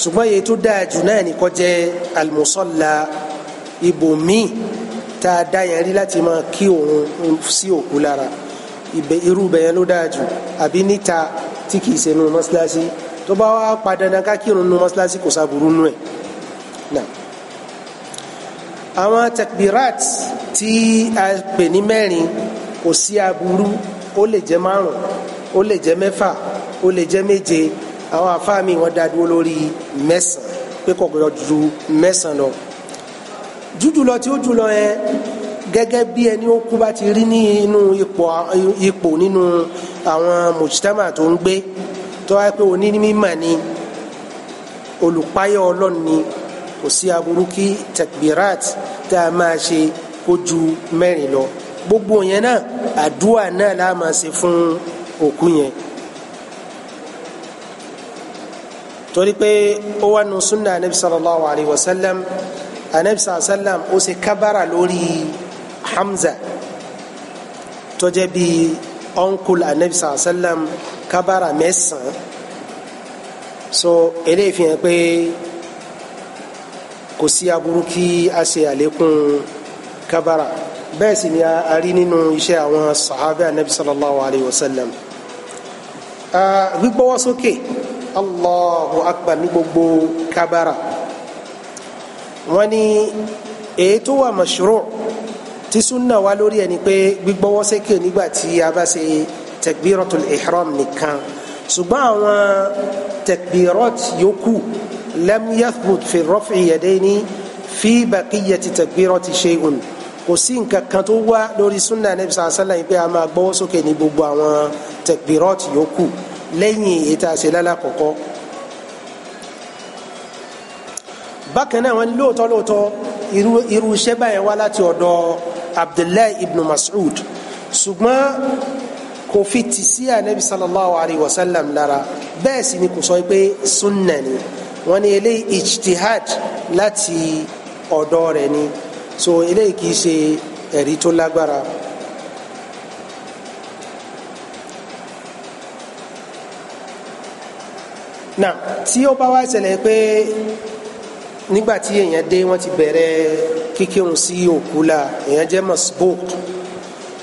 ṣùgbọ́n èyí tó dáa jù náà ni kó jẹ́ àlùmọ́sọ́là ibòmíì tá a dá yẹn rí láti máa kí òun sí òkú lára irú bẹ̀yẹn ló dáa jù àbí níta tí kìí ṣe nínú mọ́ṣáláṣí tó bá wá padànà ká nínú mọ́ṣáláṣí kò sábúrú nù ẹ̀ àwọn takbirat tí a pè ní mẹ́rin kò sí aburú ó lè jẹ́ márùn ó lè jẹ́ mẹ́fà ó lè jẹ́ méje àwọn afáàmì wọn dá dúró lórí mẹ́sàn pé kò gbọdọ̀ ju mẹ́sàn lọ jújùlọ tí ó jùlọ yẹn gẹ́gẹ́ bí ẹni ó kú bá ti rí ní inú ipò nínú àwọn mùsítàmà tó ń gbé tó wáyé pé oní mímọ̀ ni olùpáyọ̀ ọlọ́run ni kò sí aburú kí tẹkbirat tá a máa ṣe kó ju mẹ́rin lọ gbogbo yẹn náà àdúrà náà la máa ṣe fún òkú yẹn torí pé ó wà nù sunna anabi sallallahu alayhi wa sallam anabi sallallahu alayhi wa sallam ó ṣe kábàrà lórí Hamza tó jẹ́ bí ọ̀nkùl anabi sallallahu alayhi wa sallam kábàrà mẹ́sàn-án so eléyìí fi hàn pé kò sí aburú kí a ṣe àlékún kábàrà bẹ́ẹ̀ sì ni a rí nínú iṣẹ́ àwọn sàhábẹ́ anabi sallallahu alayhi wa sallam gbígbọ́wọ́ sókè allahu akbar ní gbogbo kábàrà wọ́n ní èyí tó wà mashru tí sunna wá lórí ẹni pé gbígbọ́wọ́ sókè nígbà tí a bá ṣe takbiratul ihram nìkan ṣùgbọ́n àwọn takbirat yòókù lam yathbut fi raf'i yadayni fi baqiyati takbirati shay'un kò sí nǹkan kan tó wá lórí sunna anabi sàlá sàlá yìí pé a máa gbọ́wọ́ sókè ní gbogbo àwọn tẹkbírọ́ọ̀tì yòókù lẹ́yìn ètò àṣelálà kọ̀kọ́. bákan náà wọn lóòótọ́ lóòótọ́ irú iṣẹ́ báyẹn wá láti ọ̀dọ̀ abdullahi ibn mas'ud ṣùgbọ́n kò fi tì sí anabi sallallahu alayhi wa sallam lára bẹ́ẹ̀ sì ni kò sọ pé sunna ni wọ́n ní eléyìí ijtihad láti ọ̀dọ̀ rẹ̀ ni so eléyìí kì í ṣe ẹ̀rí tó lágbára. náà tí ó bá wá ṣẹlẹ̀ pé nígbà tí èèyàn dé wọ́n ti bẹ̀rẹ̀ kíkírun sí òkú la èèyàn jẹ́ masbuk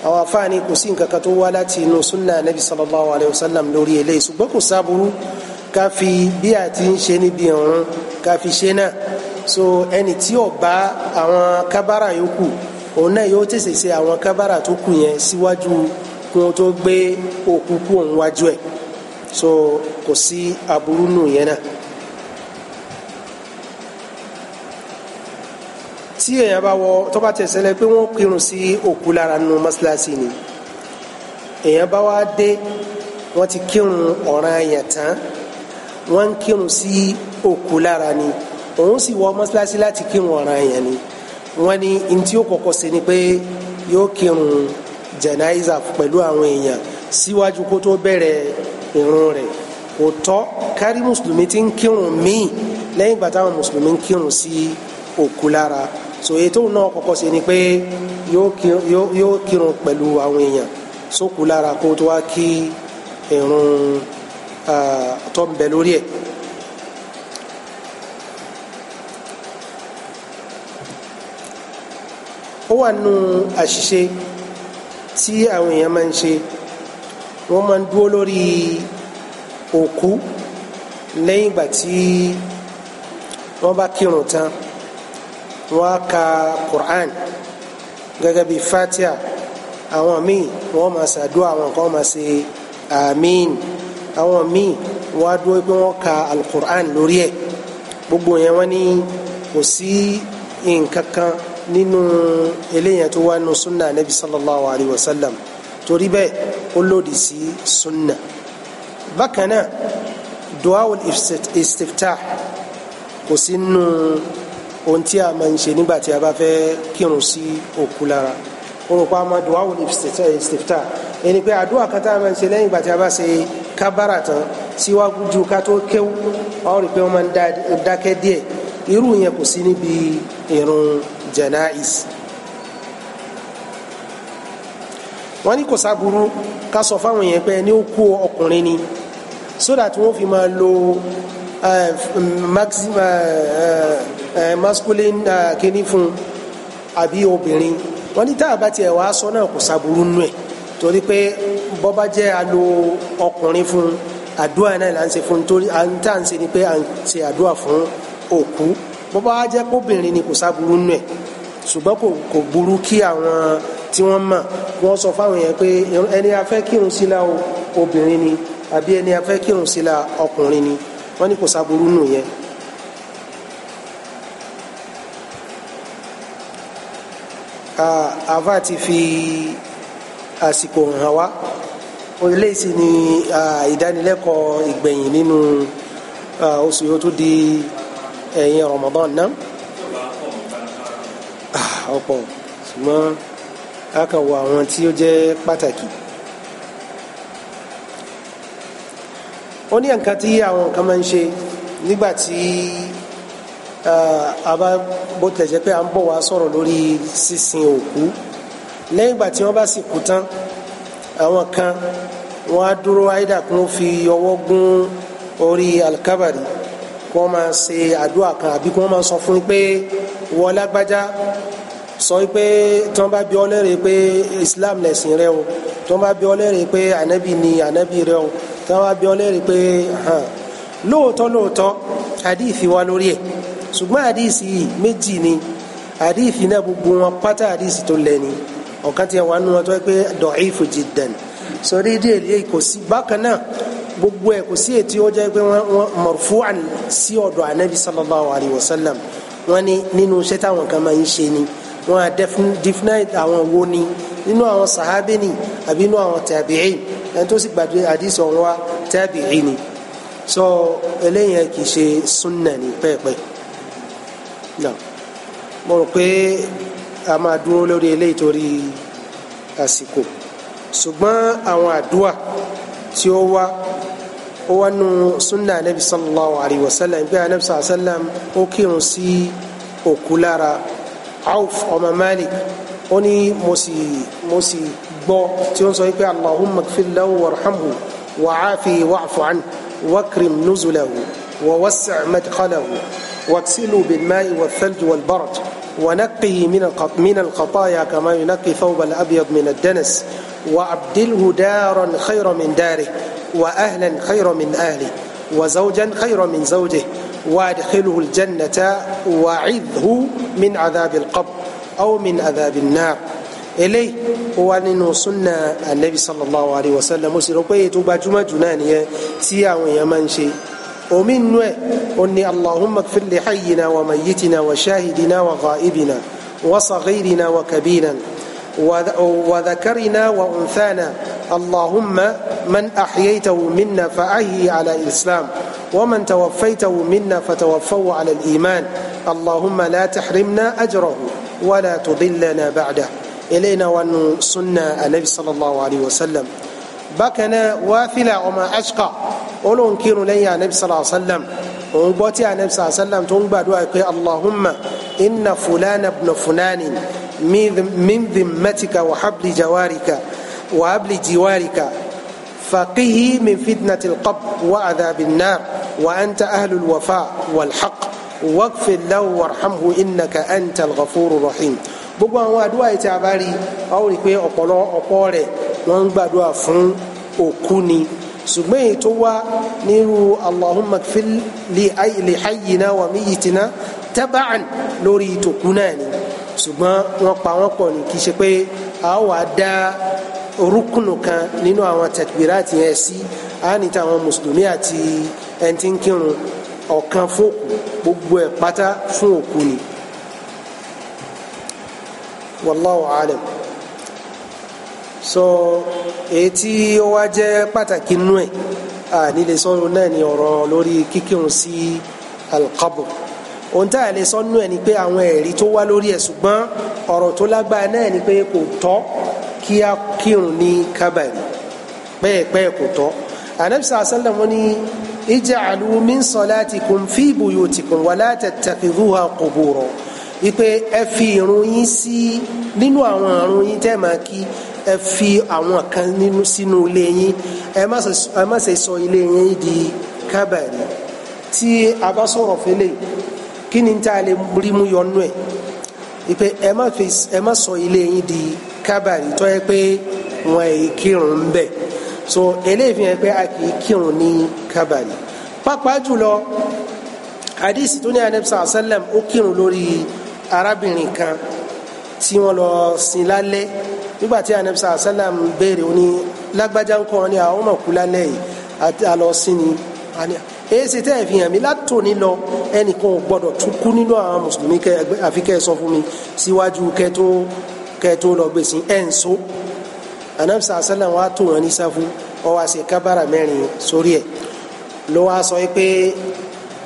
àwọn afáàní kò sí nǹkan kan tó wá láti inú sunna nabi sallallahu alayhi wa sallam lórí eléyìí ṣùgbọ́n kò sábúrú ká fi bí a ti ń ṣe níbi ọ̀run ká fi ṣe náà so ẹni tí ó bá àwọn kábàrà yòókù òun náà yóò tètè ṣe àwọn kábàrà tó kù yẹn síwájú kí wọn tó gbé òkú kú òun wájú ẹ so kò sí aburú nù yẹn náà. tí èèyàn bá wọ tó bá tẹ̀sẹ̀lẹ̀ pé wọ́n kírun sí òkú lára nínú mọ́ṣáláṣí ni èèyàn bá wá dé wọ́n ti kírun ọ̀ranyàn tán wọ́n ń kírun sí òkú lára ni. Si òun sì wọ mọ́sálásí láti kírun ọ̀ràn yẹn ni wọ́n ní ntí ó kọ́kọ́ ṣe ni pé yóò kírun jẹnáìzà pẹ̀lú àwọn èèyàn síwájú kó tó bẹ̀rẹ̀ irun rẹ̀ kò tọ́ kárí mùsùlùmí ti ń kírun míì lẹ́yìn ìgbà táwọn mùsùlùmí ń kírun sí òkú lára so ètò náà kọ́kọ́ ṣe ni pé yóò kírun pẹ̀lú àwọn èèyàn sókú lára kó tó wá kí irun tó ń bẹ lórí ẹ̀. ó wà nù àṣìṣe tí àwọn èèyàn máa ń ṣe wọ́n máa ń dúró lórí òkú lẹ́yìn ìgbà tí wọ́n bá kírun tán wọ́n á ka Qur'an gẹ́gẹ́ bíi Fatiha àwọn míì wọ́n máa ṣàdúrà àwọn kan máa ṣe àmín àwọn míì wọ́n á dúró pé wọ́n ka al lórí ẹ̀ gbogbo yẹn wọ́n ní kò sí nǹkan kan nínú eléyàn tó wá nínú sunna anabi sallallahu alayhi wa sallam torí bẹ́ẹ̀ ó lòdì sí sunna bákan náà du'a ul istiftah kò sí nínú ohun tí a máa ń ṣe nígbà tí a bá fẹ́ kírun sí òkú lára orúkọ a máa du'a ul ẹni pé àdúrà kan tá a máa ń ṣe lẹ́yìn ìgbà tí a bá ṣe kábàrà tán síwájú ká tó kéwú ọ̀rùn pé wọ́n máa ń dákẹ́ díẹ̀ irú yẹn kò sí níbi ìrun janais wọ́n ní kò sáburú ká sọ fáwọn èèyàn pé ẹni ó ọkùnrin ni so that wọ́n fi máa lo eh, eh, eh, masculine kíní fún àbí obìnrin wọ́n ní tá a bá tiẹ̀ wá sọ náà kò sáburú nù ẹ̀ torí pé bọ́bá jẹ́ a lo ọkùnrin fún àdúrà náà là ń ṣe fún torí à ń tà ń ṣe ni pé à ń ṣe àdúrà fún òkú bó bá jẹ́ kóbìnrin ni kò sáburú nù ẹ̀ ṣùgbọ́n kò kò burú kí àwọn tí wọ́n mọ̀ wọ́n sọ fáwọn yẹn pé ẹni afẹ́ kírun sílá obìnrin ni àbí ẹni afẹ́ kírun sílá ọkùnrin ni wọ́n ní kò sáburú nù yẹn. àva ti fi àsìkò hàn wá eléyìí ni ìdánilẹ́kọ̀ọ́ ìgbẹ̀yìn nínú oṣù yóò tó di ẹ̀yìn Ramadan náà ah, ọ̀pọ̀ ṣùgbọ́n a kàn wọ àwọn tí ó jẹ́ pàtàkì. ó ní nǹkan tí àwọn kan máa ń ṣe nígbà tí ah, a bá bó tẹ̀ jẹ́ pé à ń bọ̀ wá sọ̀rọ̀ lórí sísin òkú lẹ́yìn ìgbà tí wọ́n bá sì kú tán àwọn kan wọ́n á dúró áìdà kún fi ọwọ́ gún orí alikabari kí wọ́n máa ṣe àdúrà kan àbí kí wọ́n máa sọ fún un pé wọ́n lágbájá sọ pé tí wọ́n bá bi ọ́ pé Islam lẹ̀sìn rẹ o tí wọ́n bá bi ọ́ léèrè pé ànábì ni ànábì rẹ o tí wọ́n bá bi ọ́ léèrè pé lóòótọ́ lóòótọ́ àdìsí wa lórí ẹ̀ ṣùgbọ́n àdìsí méjì ni àdìsí náà gbogbo wọn pátá àdìsí tó lẹ̀ ni ọ̀kan tí wọn wà nínú wọn tó yẹ pé dọ̀ífù jiddan sọ déédéé kò sí bákan náà gbogbo ẹ̀ kò sí ètí ó jẹ́ pé wọ́n marfu'an sí ọ̀dọ̀ anabi sallallahu alayhi wa sallam wọ́n ní nínú iṣẹ́ táwọn kan máa ń ṣe ni wọ́n á àwọn wo ni nínú àwọn sahabi ni àbí nínú àwọn tabi'in ẹni tó sì gbàgbé àdìsọ wọn wá tabi'in ni so eléyìí kì í ṣe sunna ni pẹ́ẹ́pẹ́ náà mo rò pé a máa dúró lórí eléyìí torí àsìkò ṣùgbọ́n àwọn àdúà tí ó wá ó wá nu sunna anabi sallallahu alayhi wa sallam pé anabi sallallahu alayhi wa sallam ó kírun sí òkú lára Auf ọmọ Malik ó ní mo sì mo sì gbọ́ tí ó ń sọ pé allahumma ighfir lahu warhamhu wa'afi wa'fu anhu wakrim nuzulahu ووسع مدخله واغسله بالماء والثلج والبرد ونقه من من الخطايا كما ينقي ثوب الابيض من الدنس وابدله دارا خيرا من داره وأهلا خير من أهله وزوجا خير من زوجه وادخله الجنة وعذه من عذاب القبر أو من عذاب النار إليه هو وننو سنة النبي صلى الله عليه وسلم وسيروبيت وباجوما جنانية سياو يا منشي ومن نوى أني اللهم اغفر لحينا وميتنا وشاهدنا وغائبنا وصغيرنا وكبيرنا وذكرنا وأنثانا اللهم من أحييته منا فأحيي على الإسلام ومن توفيته منا فتوفوا على الإيمان اللهم لا تحرمنا أجره ولا تضلنا بعده إلينا وأن سنة النبي صلى الله عليه وسلم بكنا وافلا وما أشقى أولون كيرو لي النبي صلى الله عليه وسلم òun gbọ́ tí anabi sàlám tó ń gbàdúrà pé allahumma inna fulana ibn fulanin من ذمتك وحبل جوارك وحبل جوارك فقه من فتنة القبر وعذاب النار وأنت أهل الوفاء والحق واغفر له وارحمه إنك أنت الغفور الرحيم gbogbo àwọn àdúrà yìí tí a bá rí a ó rí i pé ọ̀pọ̀lọ ọ̀pọ̀ rẹ̀ wọ́n ń gbàdúrà fún òkú ni ṣùgbọ́n èyí tó wá nírú allahumma kfil li hayyina wa miyitina taba'an lórí ìtòkú náà ni ṣùgbọ́n wọ́n pa wọ́n pọ̀ ní kì í ṣe pé a ó wàá dá orúkùnù kan nínú àwọn tẹkbíràtì yẹn sí a ní tàwọn mùsùlùmí àti ẹni tí ń kírun ọ̀kan fún òkú gbogbo ẹ̀ pátá fún òkú ni wallahu alam so èyí tí ó wá jẹ́ pàtàkì nú ẹ̀ à sọ́run náà ni ọ̀rọ̀ lórí kíkírun sí alqabr ohun tá a lè sọ nú ẹ ni pé àwọn ẹ̀rí tó wá lórí ẹ̀ ṣùgbọ́n ọ̀rọ̀ tó lágbára náà ni pé kò tọ́ kí a kírun ní kábàárì pẹ́ẹ́pẹ́ẹ́ kò tọ́ anabisa asalam wọn ni ij'alu min salatikum fi buyutikum wala tattakhidhuha qubura ipe ẹ fi irun yín sí nínú àwọn irun yín tẹ́ máa kí ẹ fi àwọn kan nínú sínú ilé yín ẹ má ṣe sọ ilé yín di kábàárì tí a bá sọ̀rọ̀ fẹ́lẹ́ kí ni tá a lè rí mú yọ nú ẹ̀ ipe ẹ má fi ẹ má sọ ilé yín di kábàárì tó yẹ pé wọn è kírun ń bẹ̀ so eléyìí fi hàn pé a kì í kírun ní kábàárì pàápàá jùlọ hadith tó ní anabi sàlẹ sallam ó kírun lórí arábìnrin kan tí wọn lọ sin lálẹ́ nígbà tí anabi sàlẹ sàlẹm béèrè ó ní lágbájá ńkọ́ ni àwọn ọmọkú lálẹ́ yìí àti àlọ sí ni àní èsì tẹ́ ẹ̀ fi hàn mí látòní lọ ẹnìkan ò gbọ́dọ̀ tún kú nínú àwọn mùsùlùmí àfi kẹ́ ẹ sọ fún mi síwájú kẹ́ tó kẹ́ tó lọ gbèsè ẹ̀ ń so anamsa asalam wa tó wọn ní sáfù ọ wá ṣe kábàrà mẹ́rin sórí ẹ̀ ló wá sọ pé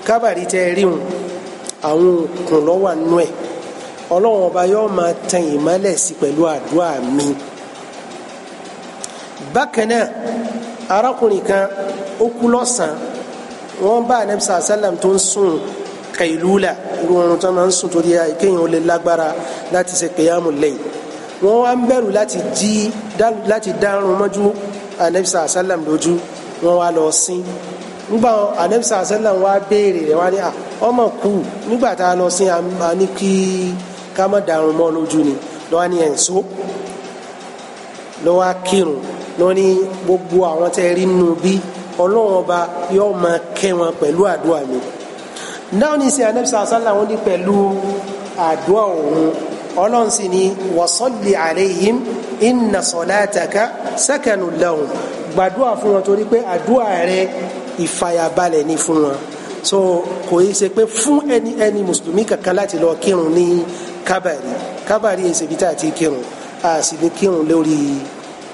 kábàrí tẹ́ ríhun àwọn òkun lọ́wọ́ nú ẹ̀ ọlọ́run ọba yóò máa tan ìmọ́lẹ̀ sí pẹ̀lú àdúrà mi bákan náà arákùnrin kan ó kú lọ́sàn-án wọ́n bá anabi sàlá tó ń sùn kailula irú oorun tó máa ń sùn torí kéèyàn ó lè lágbára láti ṣe kéyàmù lẹ́yìn wọ́n wá ń bẹ̀rù láti jí láti dárun mọ́jú anabi sàlá lójú wọ́n wá lọ sin nígbà anabi asalam sàlám wá béèrè rẹ̀ wá ní à ọmọ kù nígbà tá a lọ sin a ní kí ká má dárun mọ́ lójú ni lọ́wọ́ ni ẹ̀ lọ́wọ́ kírun lọ́wọ́ ni gbogbo àwọn tẹ́ rí nínú bíi ọlọ́run ọba yóò máa kẹ́ wọn pẹ̀lú àdúrà mi náà ní sẹ́ anabi sàlá sàlá wọn ní pẹ̀lú àdúrà òun ọlọ́run sì ní wasalli alayhim inna salataka sakanu lahum gbàdúrà fún wọn torí pé àdúrà rẹ ìfàyàbalẹ̀ ni fún wọn so kò yí ṣe pé fún ẹni ẹni mùsùlùmí kankan láti lọ kírun ní kábàárì kábàárì èsì ibi tá a ti kírun a kírun lórí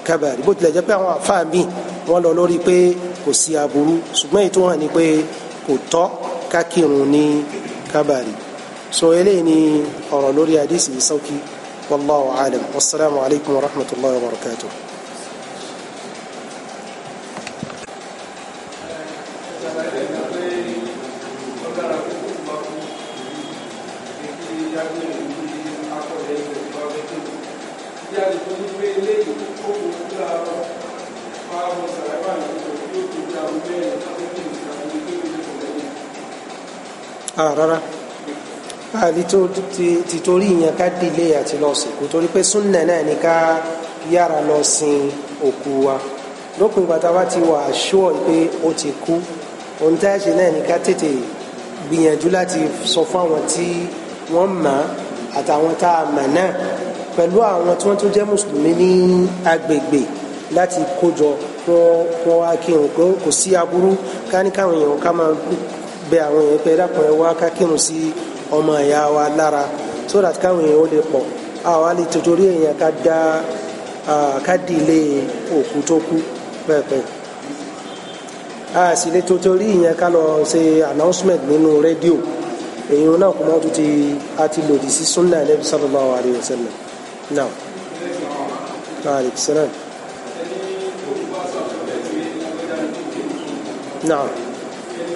kábàárì bó tilẹ̀ jẹ́ pé àwọn àfáà míì wọ́n lọ lórí pé kò sí aburú ṣùgbọ́n èyí tó hàn ní pé kò tọ́ ká kírun ní kábàárì so eléyìí ni ọ̀rọ̀ lórí àdìsí sọ́kì wallahu alam wasalaamu alaykum wa rahmatulahi wa barakatuh. rárá àti títorí ìyẹn ká dìlé àti lọ sìnkú torí pé súnnà náà ni ká yára lọ sin òkú wa lópin ìgbà tá a bá ti wà ṣúọ pé ó ti kú ohun tá a ṣe náà ni ká tètè gbìyànjú láti sọ fún àwọn tí wọ́n mọ̀ àtàwọn tá a mọ̀ náà pẹ̀lú àwọn tí wọ́n tún jẹ́ mùsùlùmí ní agbègbè láti kójọ wọn wá kírun kò sí aburú ká ní káwọn èèyàn ká máa bẹ àwọn yẹn pé dákun ẹ wá ká kírun sí ọmọ ìyá wa lára so that káwọn yẹn ó lè pọ̀ àwa lè tòtórí èèyàn ká dá ká dì ilé òkú tó kú pẹ́ẹ́pẹ́ẹ́ a sì lè tòtórí ìyẹn ká lọ ṣe announcement nínú rédíò èyí náà kò mọ́ tó ti a ti lòdì sí sunna Nabi sallallahu alaihi wasallam náà. عليك السلام نعم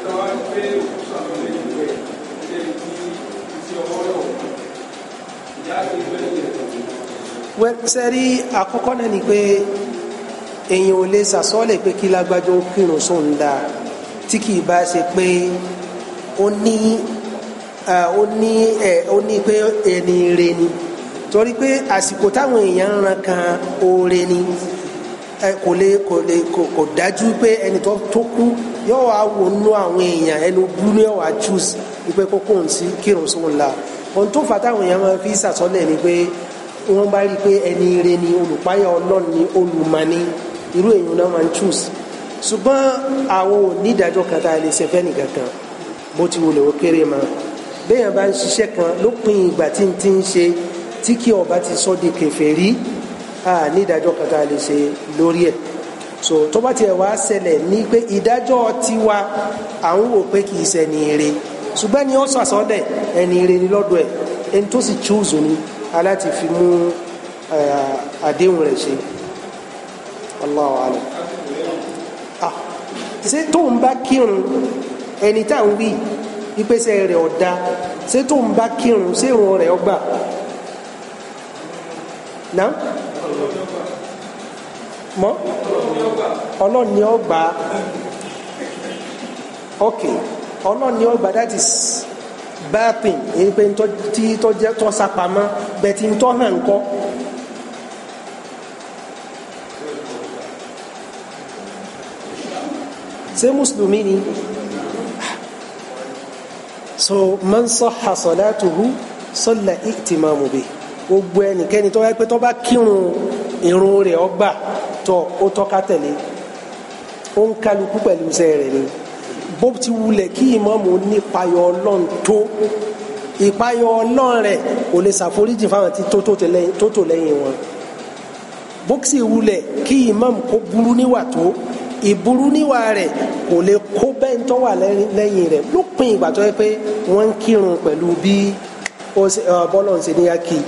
táwa gbé òkú sàmì lẹ́yìn rẹ̀ lè fi ti ọwọ́ lọ ìyá àti ìgbẹ́ yẹn. wẹ́ sẹ́rí àkọ́kọ́ náà ni pé èèyàn ò lè sàsọ́ọ̀lẹ̀ pé kí lágbájọ́ kírun sóun dáa tí kì í bá ṣe pé ó ní ó ní ẹni ire ni torí pé àsìkò táwọn èèyàn ń ran kan oore ni kò lè kò lè kò dájú pé ẹni tó kú yóò wá wò nú àwọn èèyàn ẹnu bú ní ọ̀wà jùs wípé kókó ń sí kírun sóhun la ohun tó fà táwọn èèyàn máa fi sàtọ́lẹ̀ ni pé wọ́n bá rí i pé ẹni ire ni olùpáyà ọlọ́run ni olùmọ̀ni irú èèyàn náà máa ń jùs ṣùgbọ́n àwọn onídàájọ́ kan tá a lè ṣe fẹ́ nìkan kan bó ti wulẹ̀ kéré ma béèyàn bá ń ṣiṣẹ́ kan lópin ìgbà tí n ti ń ṣe tí kí ọba ti sọ di kèfèrí a nídàájọ́ kan tá a lè ṣe lórí ẹ̀ so tó bá tiẹ̀ wá ṣẹlẹ̀ ní pé ìdájọ́ tiwa à ń wò pé kì í ṣẹni ire ṣùgbọ́n ni ó sàsọ́dẹ̀ ẹni ire ni lọ́dọ̀ ẹ̀ ẹni tó sì chúùsù ni aláti fi mú eh, àdéhùn rẹ̀ ṣe Allahu alam ah, ṣé tóun bá kírun ẹni tá à ń wí ìpèsè rẹ̀ ọ̀dà ṣé tóun bá kírun ṣé ìrun rẹ̀ ọgbà náà mọ́ ọlọ́run ni ó gbà ok ọlọ́run that is bad thing. pé tí tó jẹ́ tó sapamọ́ bẹ̀tí tó hàn ńkọ́. ṣé mùsùlùmí ni so man sahha salatuhu salla i'timamu bi. gbogbo ẹnikẹ́ni tó wáyé pé tó bá kírun irun rẹ̀ ọgbà tọ́ ó tọ́ ká tẹ̀lé ó ń kálukú pẹ̀lú iṣẹ́ rẹ̀ ni bó ti wulẹ̀ kí ìmáàmù nípayọ̀ ọlọ́run tó ìpayọ̀ ọlọ́run rẹ̀ kò lè ṣàforíjì fáwọn tí tó tò lẹ́yìn wọn bóksì wulẹ̀ kí ìmáàmù kó burú níwà tó ìburú níwà rẹ̀ kò lè kó bẹ́ẹ̀ tó wà lẹ́yìn rẹ̀ lópin ìgbà tó yẹ pé wọ́n ń kírun pẹ̀lú bí bọ́lọ̀ ń ṣe níyà kí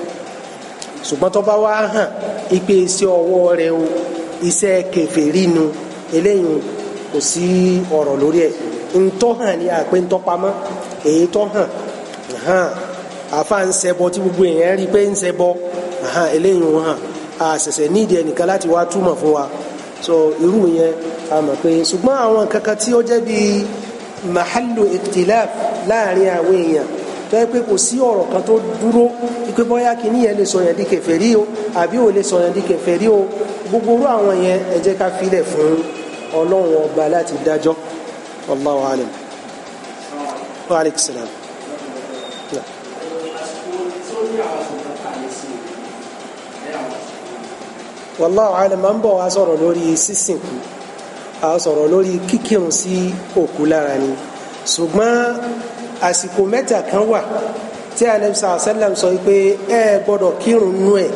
ṣùgbọ́n tó bá wá hàn ìpèsè ọwọ́ rẹ̀ o iṣẹ́ kẹfẹ́rí nu eléyìí kò sí ọ̀rọ̀ lórí ẹ̀ ntọ́ hàn ni àpé ntọ́ pamọ́ èyí tọ́ hàn hàn àfa ń ṣẹbọ tí gbogbo èèyàn rí i pé ń ṣẹbọ eléyìí hàn àṣẹ̀ṣẹ̀ nídìí ẹnìkan láti wá túmọ̀ fún wa so irú yẹn a mọ̀ pé ṣùgbọ́n àwọn kankan tí ó jẹ́ bíi mahalu ikhtilaf láàrin àwọn èèyàn tó yẹ pé kò sí ọ̀rọ̀ kan tó dúró ipe bóyá kìíní yẹn lè sọ yẹn di kèfèrí o àbí ò lè sọ yẹn di kèfèrí o gbogbo orú àwọn yẹn ẹ jẹ́ ká filẹ̀ fún ọlọ́run ọba láti dájọ́ Allahu alim wa aleykum salaam. wallahu alim máa ń bọ̀ wá sọ̀rọ̀ lórí sísìnkú a sọ̀rọ̀ lórí kíkírun sí òkú lára ni ṣùgbọ́n àsìkò mẹ́ta kan wà tí anamsa sallam sọ pé ẹ gbọ́dọ̀ kírun nú ẹ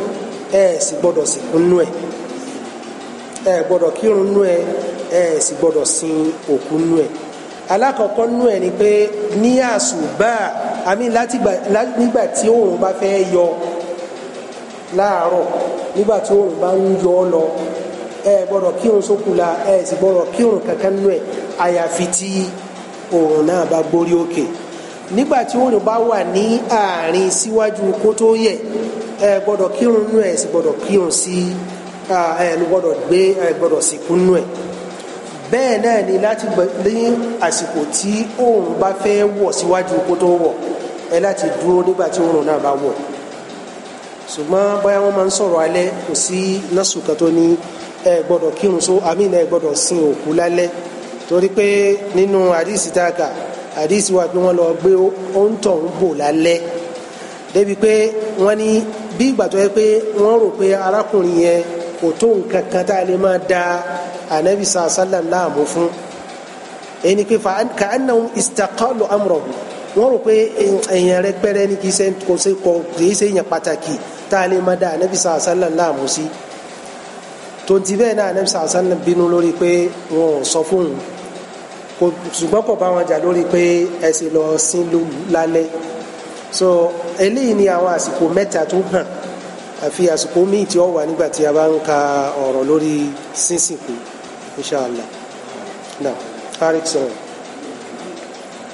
ẹ sì gbọ́dọ̀ sìnkú nú ẹ. ẹ gbọ́dọ̀ kírun nú ẹ ẹ sì gbọ́dọ̀ sin òkú nú ẹ alákọ̀ọ́kọ́ nú ẹ ni pé ní àsùbá àmì nígbà tí bá fẹ́ yọ láàárọ̀ nígbà tí bá ń yọ ọ lọ ẹ gbọdọ kírun sókù la ẹ sì kankan nú ẹ àyàfi tí náà bá òkè nígbà tí bá wà ní àárín síwájú Si ẹnu gbọ́dọ̀ gbé gbọ́dọ̀ sìnkú nù ẹ̀ bẹ́ẹ̀ náà ni láti ní àsìkò tí oòrùn bá fẹ́ wọ̀ síwájú kó tó wọ̀ ẹ láti dúró nígbà tí oòrùn náà bá wọ̀ ṣùgbọ́n báyà wọ́n máa ń sọ̀rọ̀ alẹ́ kò sí násùkà tó ní ẹ kírun só àmì ẹ gbọ́dọ̀ sin òkú lálẹ́ torí pé nínú àdìsí tààkà àdìsí wa pé wọ́n lọ gbé oúntọ̀ ń bò lálẹ́ débi pé wọ́n ní bí ìgbà tó yẹ pé wọ́n rò pé arákùnrin yẹn kò tó nǹkan kan tá a lè máa da anabi sàásàlám láàmú fún ẹni pé ka annahum istaqalu amrahu wọn rò pé èèyàn rẹ pẹrẹ ni kìí ṣe kò ṣe kò kìí ṣe èèyàn pàtàkì tá a lè máa da anabi sàásàlám láàmú sí tonti bẹ́ẹ̀ náà anabi sàásàlám bínú lórí pé wọn ò sọ fóun kò ṣùgbọ́n kò bá wọn jà lórí pé ẹsẹ̀ lọ sí lálẹ́ so eléyìí ni àwọn àsìkò mẹ́ta tó hàn àfi àsìkò míì tí ó wà nígbà tí a bá ń ka ọ̀rọ̀ lórí sínsìnkú inshàlá naam tariq sọ̀rọ̀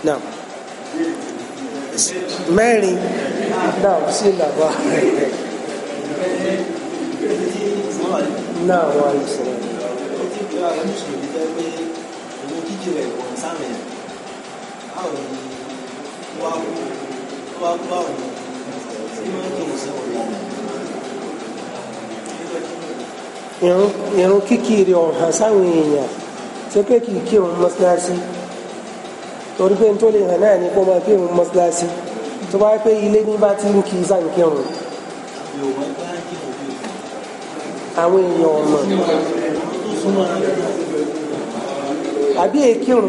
naam mẹ́rin naam sí làbá naam wà ní sọ̀rọ̀ wa wa wa ni ma to se o la irun irun kíkiri ọ̀hàn sáwọn èèyàn ṣé pé kì í kírun mọ́sálásí torí pé n tó lè hàn náà ní kó máa kírun mọ́sálásí tó bá pé ilé ní bá ti ń kí sáà ń kírun àwọn èèyàn ọmọ àbí èkírun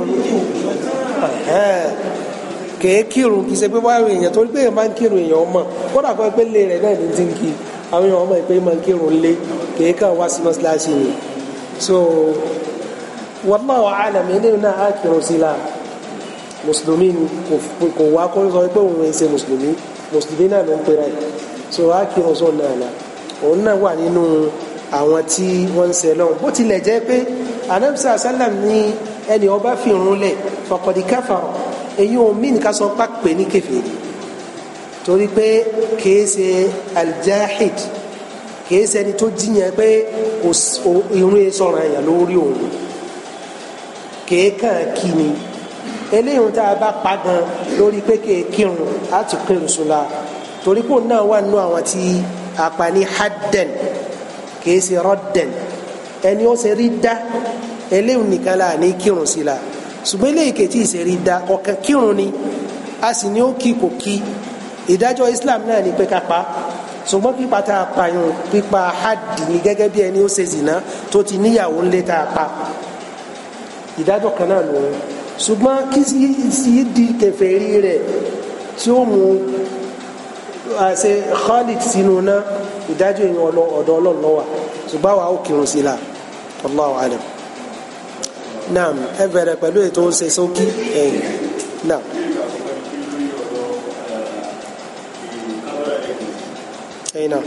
kèé kírun kì í ṣe pé báwọn èèyàn torí pé èèyàn máa ń kírun èèyàn ọmọ kódà kan pé lè rẹ̀ náà ní ti ń kí i àwọn èèyàn ọmọ ìpè máa ń kírun lé kìí wá sí mọ́ṣáláṣí ni so wallahu a'lam eléyìí náà á kírun sí la mùsùlùmí kò wá kó sọ pé òun ẹ̀ ṣe mùsùlùmí mùsùlùmí náà ló ń pera ẹ̀ so á kírun sọ náà la òun náà wà nínú àwọn tí wọ́n ń ṣe lọ́wọ́ bó tilẹ̀ jẹ́ pé anamsa salam ní ẹni ọba fi irun lẹ̀ faqad kafara èyí ò nìkan sọ pápẹ́ ní kèfèrí torí pé kìí ṣe aljahid kìí ṣe ẹni tó jiyàn pé irun sọ̀rọ̀ èèyàn lórí òun kìí kàn kí ni eléyìí tá a bá pa gan lórí pé kìí kírun á ti kírun sùlá torí pé òun náà wà nínú àwọn tí a hadden kìí ṣe rodden ẹni ó ṣe rí dá eléyìí nìkan la ní kírun sí la ṣùgbọ́n eléyìí kìí ṣe rí dá ọ̀kan kírun ni a sì ní ó kí kò kí ìdájọ́ Islam náà ni pé ká pa ṣùgbọ́n pípa tá a pa yun pípa hadi ni gẹ́gẹ́ bí ẹni ó ṣe zìnà tó ti níyàwó ńlé tá a pa ìdájọ́ kan náà lòun ṣùgbọ́n kí sí di kèfèrí rẹ̀ tí ó mú àṣẹ Khalid sínú náà ìdájọ́ ìyẹn ọ̀dọ̀ Ọlọ́run ló wà ṣùgbọ́n àwa ó kírun sí la Allahu alam naam ẹ bẹ̀rẹ̀ pẹ̀lú ètò ṣe sókí ẹ̀yìn naam. اي نعم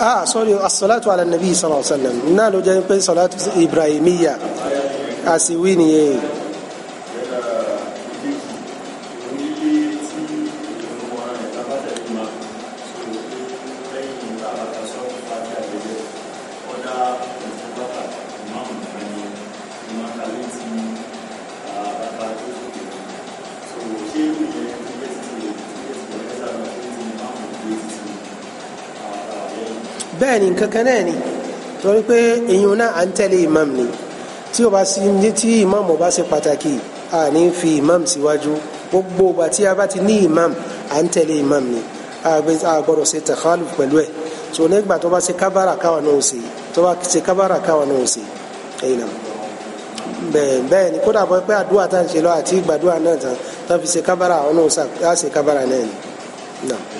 اه سوري الصلاه على النبي صلى الله عليه وسلم نالو جاي صلاه ابراهيميه اسيويني nǹkan kan náà ni torí pé èyàn náà à ń tẹ̀lé imam ni tí o bá sí ní tí imam ò bá ṣe pàtàkì a ní fi imam síwájú gbogbo ìgbà tí a bá ti ní imam à ń tẹ̀lé imam ni a gbọ́dọ̀ ṣe takhaluf pẹ̀lú ẹ̀ tó nígbà tó bá ṣe kábàrà káwọn náà ṣe tó bá ṣe kábàrà káwọn náà ṣe ẹ̀yìn náà bẹ́ẹ̀ bẹ́ẹ̀ ni kódà bọ́ pé àdúrà tá à ń ṣe lọ àti ìgbàdúrà náà tán tó fi ṣe kábàrà àwọn náà ṣe kábàrà náà ni náà.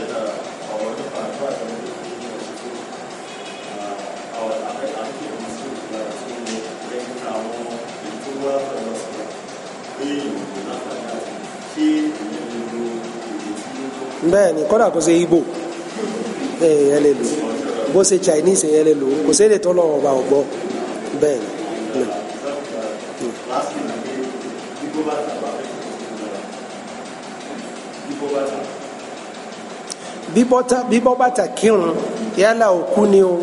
náà ni kọ́dà kó ṣe Igbo eh, ẹ̀yẹ lè lò bó ṣe Chinese ẹ̀yẹ lè lò kò sí èdè tó lọ́wọ́ ọba ọ̀gbọ́ bẹ́ẹ̀ ni. bíbọ́ bàtà kírun yálà òkú ni o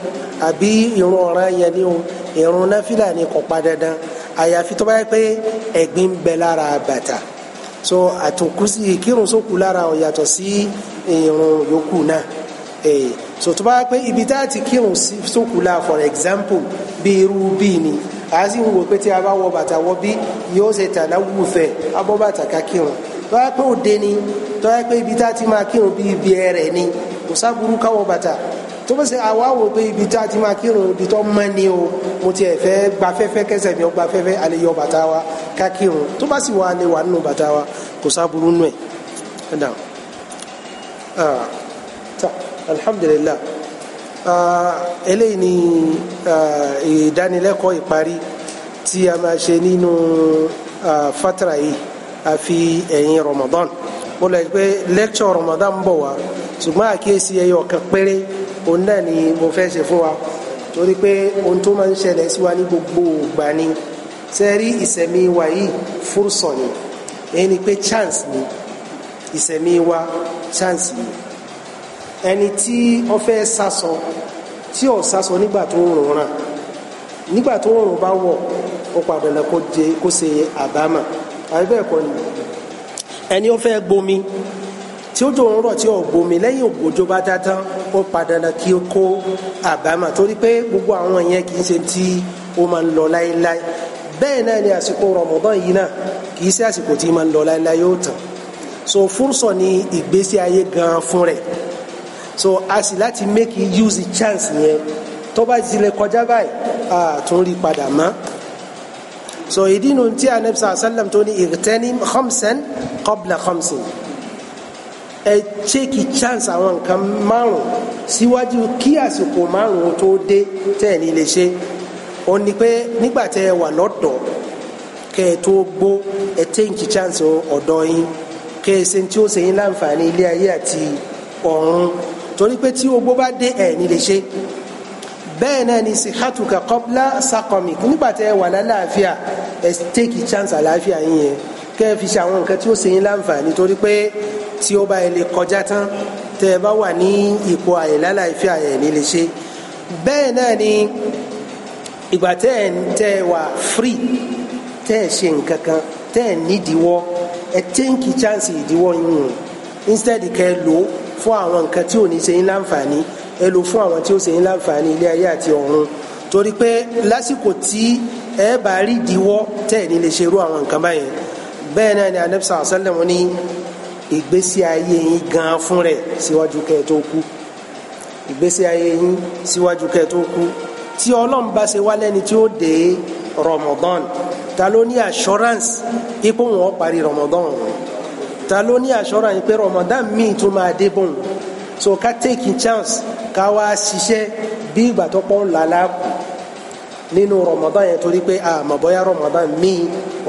àbí irun ọ̀ràn yẹn ni o irun náfìlà ni kò pa dandan àyàfi tó bá yẹ pé ẹ̀gbin ń bẹ lára bàtà. so àtòkù sí ìkírun sókù lára ó yàtọ̀ sí irun yòókù náà ee eh, so tó bá pé ibi tá a ti kírun sókù lára for example bí irú bí ni a sì ń wò pé tí a bá wọ bàtà wọ bí yóò ṣe tànà wùfẹ abọ bàtà ká kírun tó bá pé òde ni tó bá pé ibi tá a ti máa kírun bí ibi ẹrẹ ni kò sábúrú káwọ bàtà tó bá ṣe àwa wò pé ibi tá a ti máa kírun ibi tó mọ́ ni o mo tiẹ̀ fẹ́ gba fẹ́fẹ́ kẹsẹ̀ mi ó gba fẹ́fẹ́ alẹ́ yọ bàtà wa ká kírun tó bá sì wà alẹ́ wà nínú bàtà wa kò sáburú nù ẹ̀ ẹ̀dá eléyìí ni ìdánilẹ́kọ̀ọ́ ìparí tí a máa ṣe nínú fatara yìí àfi ẹ̀yìn Ramadan mo lọ pé lecture Ramadan bọ̀ wá ṣùgbọ́n àkíyèsí ẹyọ kan péré òun náà ni mo fẹ́ ṣe fún wa torí pé ohun tó máa ń wa ní gbogbo ìgbà ni sẹ́rí ìsẹ̀mí wa yìí fúrúsọ̀ ni chance ni ìsẹ̀mí wa chance ni ẹni tí ó fẹ́ sásọ tí ò sásọ nígbà tó rùn ràn nígbà tó rùn bá wọ̀ ó kó ṣe àbámà ni ẹni gbomi tí òjò ń rọ̀ tí ò bomi lẹ́yìn òjò bá dá tán ó padà lọ kí ó kó àbámà torí pé gbogbo àwọn yẹn kì í ṣe tí ó máa ń lọ láéláé bẹ́ẹ̀ náà ni àsìkò Ramadan yìí náà kì í ṣe àsìkò tí máa ń lọ láéláé yóò tàn so fúrúsọ ni ìgbésí ayé gan fún rẹ̀ so a sì láti make you use the chance yẹn tó bá ti lè kọjá báyìí a rí padà mọ́ so ìdí nu tí anabi sàlám tó ní igtanim khamsan qabla khamsin ẹ ṣéèkì chance àwọn nǹkan márùn síwájú kí àsìkò márùn tó dé tẹ́ ẹ̀ ní lè ṣe ó ní pé nígbà tẹ́ ẹ wà lọ́dọ̀ kẹ́ ẹ tó gbó ẹ ṣéèkì chance ọ̀dọ́ yín kẹ́ ẹ ṣe tí ó ṣe yín láǹfààní ilé ayé àti ọ̀run torí pé tí ogbó bá dé ẹ̀ ní lè ṣe bẹ́ẹ̀ náà ni sihatuka kọ́pla sakomi nígbà tẹ́ ẹ wà lálàáfíà ẹ ṣéèkì chance àlàáfíà yín yẹn kẹ́ ẹ fi ṣe àwọn nǹkan tí ó ṣe yín láǹfààní torí pé tí ó bá yẹ lè kọjá tán tẹ ẹ bá wà ní ipò àìlálàáfíà ẹ ní lè ṣe bẹ́ẹ̀ náà ni ìgbà tẹ ẹ tẹ ẹ wà free tẹ ẹ ṣe nǹkan kan tẹ ẹ nídìíwọ́ ẹ tẹ́ǹkì chance ìdíwọ́ yín instead kẹ ẹ lò ó fún àwọn nǹkan tí ò ní ṣe yín láǹfààní ẹ lò fún àwọn tí ó ṣe yín láǹfààní ilé ayé àti ọ̀run torí pé lásìkò tí ẹ bá rí ìdíwọ́ tẹ ẹ ní lè ṣerú àwọn nǹkan báyẹn bẹ́ẹ̀ náà ni anabi sàlẹ̀ wọn ni ìgbésí ayé yín gan fún rẹ̀ síwájú kẹ́ ẹ tó kú ìgbésí ayé yín síwájú kẹ́ tó kú tí ọlọ́run bá ṣe wá lẹ́ni tí ó dé Ramadan ta ló ní assurance ipò wọn parí Ramadan wọn ta ló ní assurance pé Ramadan míì tún máa dé bóun so ká take chance ká wá ṣiṣẹ́ bí ìgbà tó pọ̀ ńlá láàpù nínú Ramadan yẹn torí pé àmọ́ bóyá Ramadan míì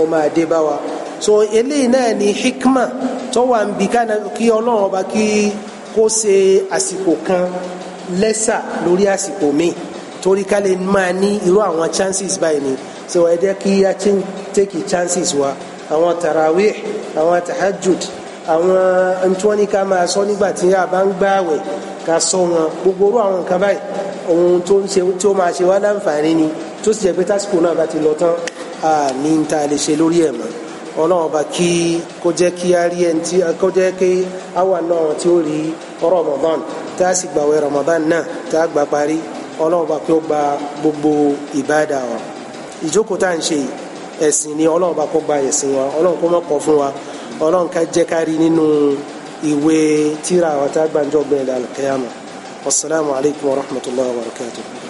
ó máa dé bá wa so eléyìí náà ni hikma tó wà ń bi kí ọlọ́run ọba kí kó ṣe àsìkò kan lẹ́sà lórí àsìkò míì torí ká lè máa ní irú àwọn chances báyìí ni so ẹ jẹ́ kí a take chances wa àwọn tarawih àwọn tahajjud àwọn ntúwọ́ni ká máa sọ nígbà tí a bá ń gbààwẹ̀ ká sọ wọn gbogbo orú àwọn nǹkan báyìí ohun tó ń ṣe tí ó máa ṣe wá láǹfààní ni tó sì jẹ́ pé tásìkò náà bá ti lọ tán àní ń ta lè ṣe lórí ẹ̀ mọ́ ọlọ́run ọba kí kó jẹ́ kí a rí ẹni tí kó jẹ́ kí a wà náà tí ó rí Ramadan tá a sì gbàwé Ramadan náà tá a gbà parí ọlọ́run ọba kí ó gba gbogbo ìbáàdà wa ìjókòó tá à ń ṣe ẹ̀sìn ni ọlọ́run ọba kó gba ẹ̀sìn wa ọlọ́run kó má kọ̀ fún wa ọlọ́run ká jẹ́ ká rí nínú ìwé tíra àwọn tá a gbà ń jọ gbẹ̀yìn lálẹ́ kẹ́yàmù wa rahmatulahi wa barakatuh.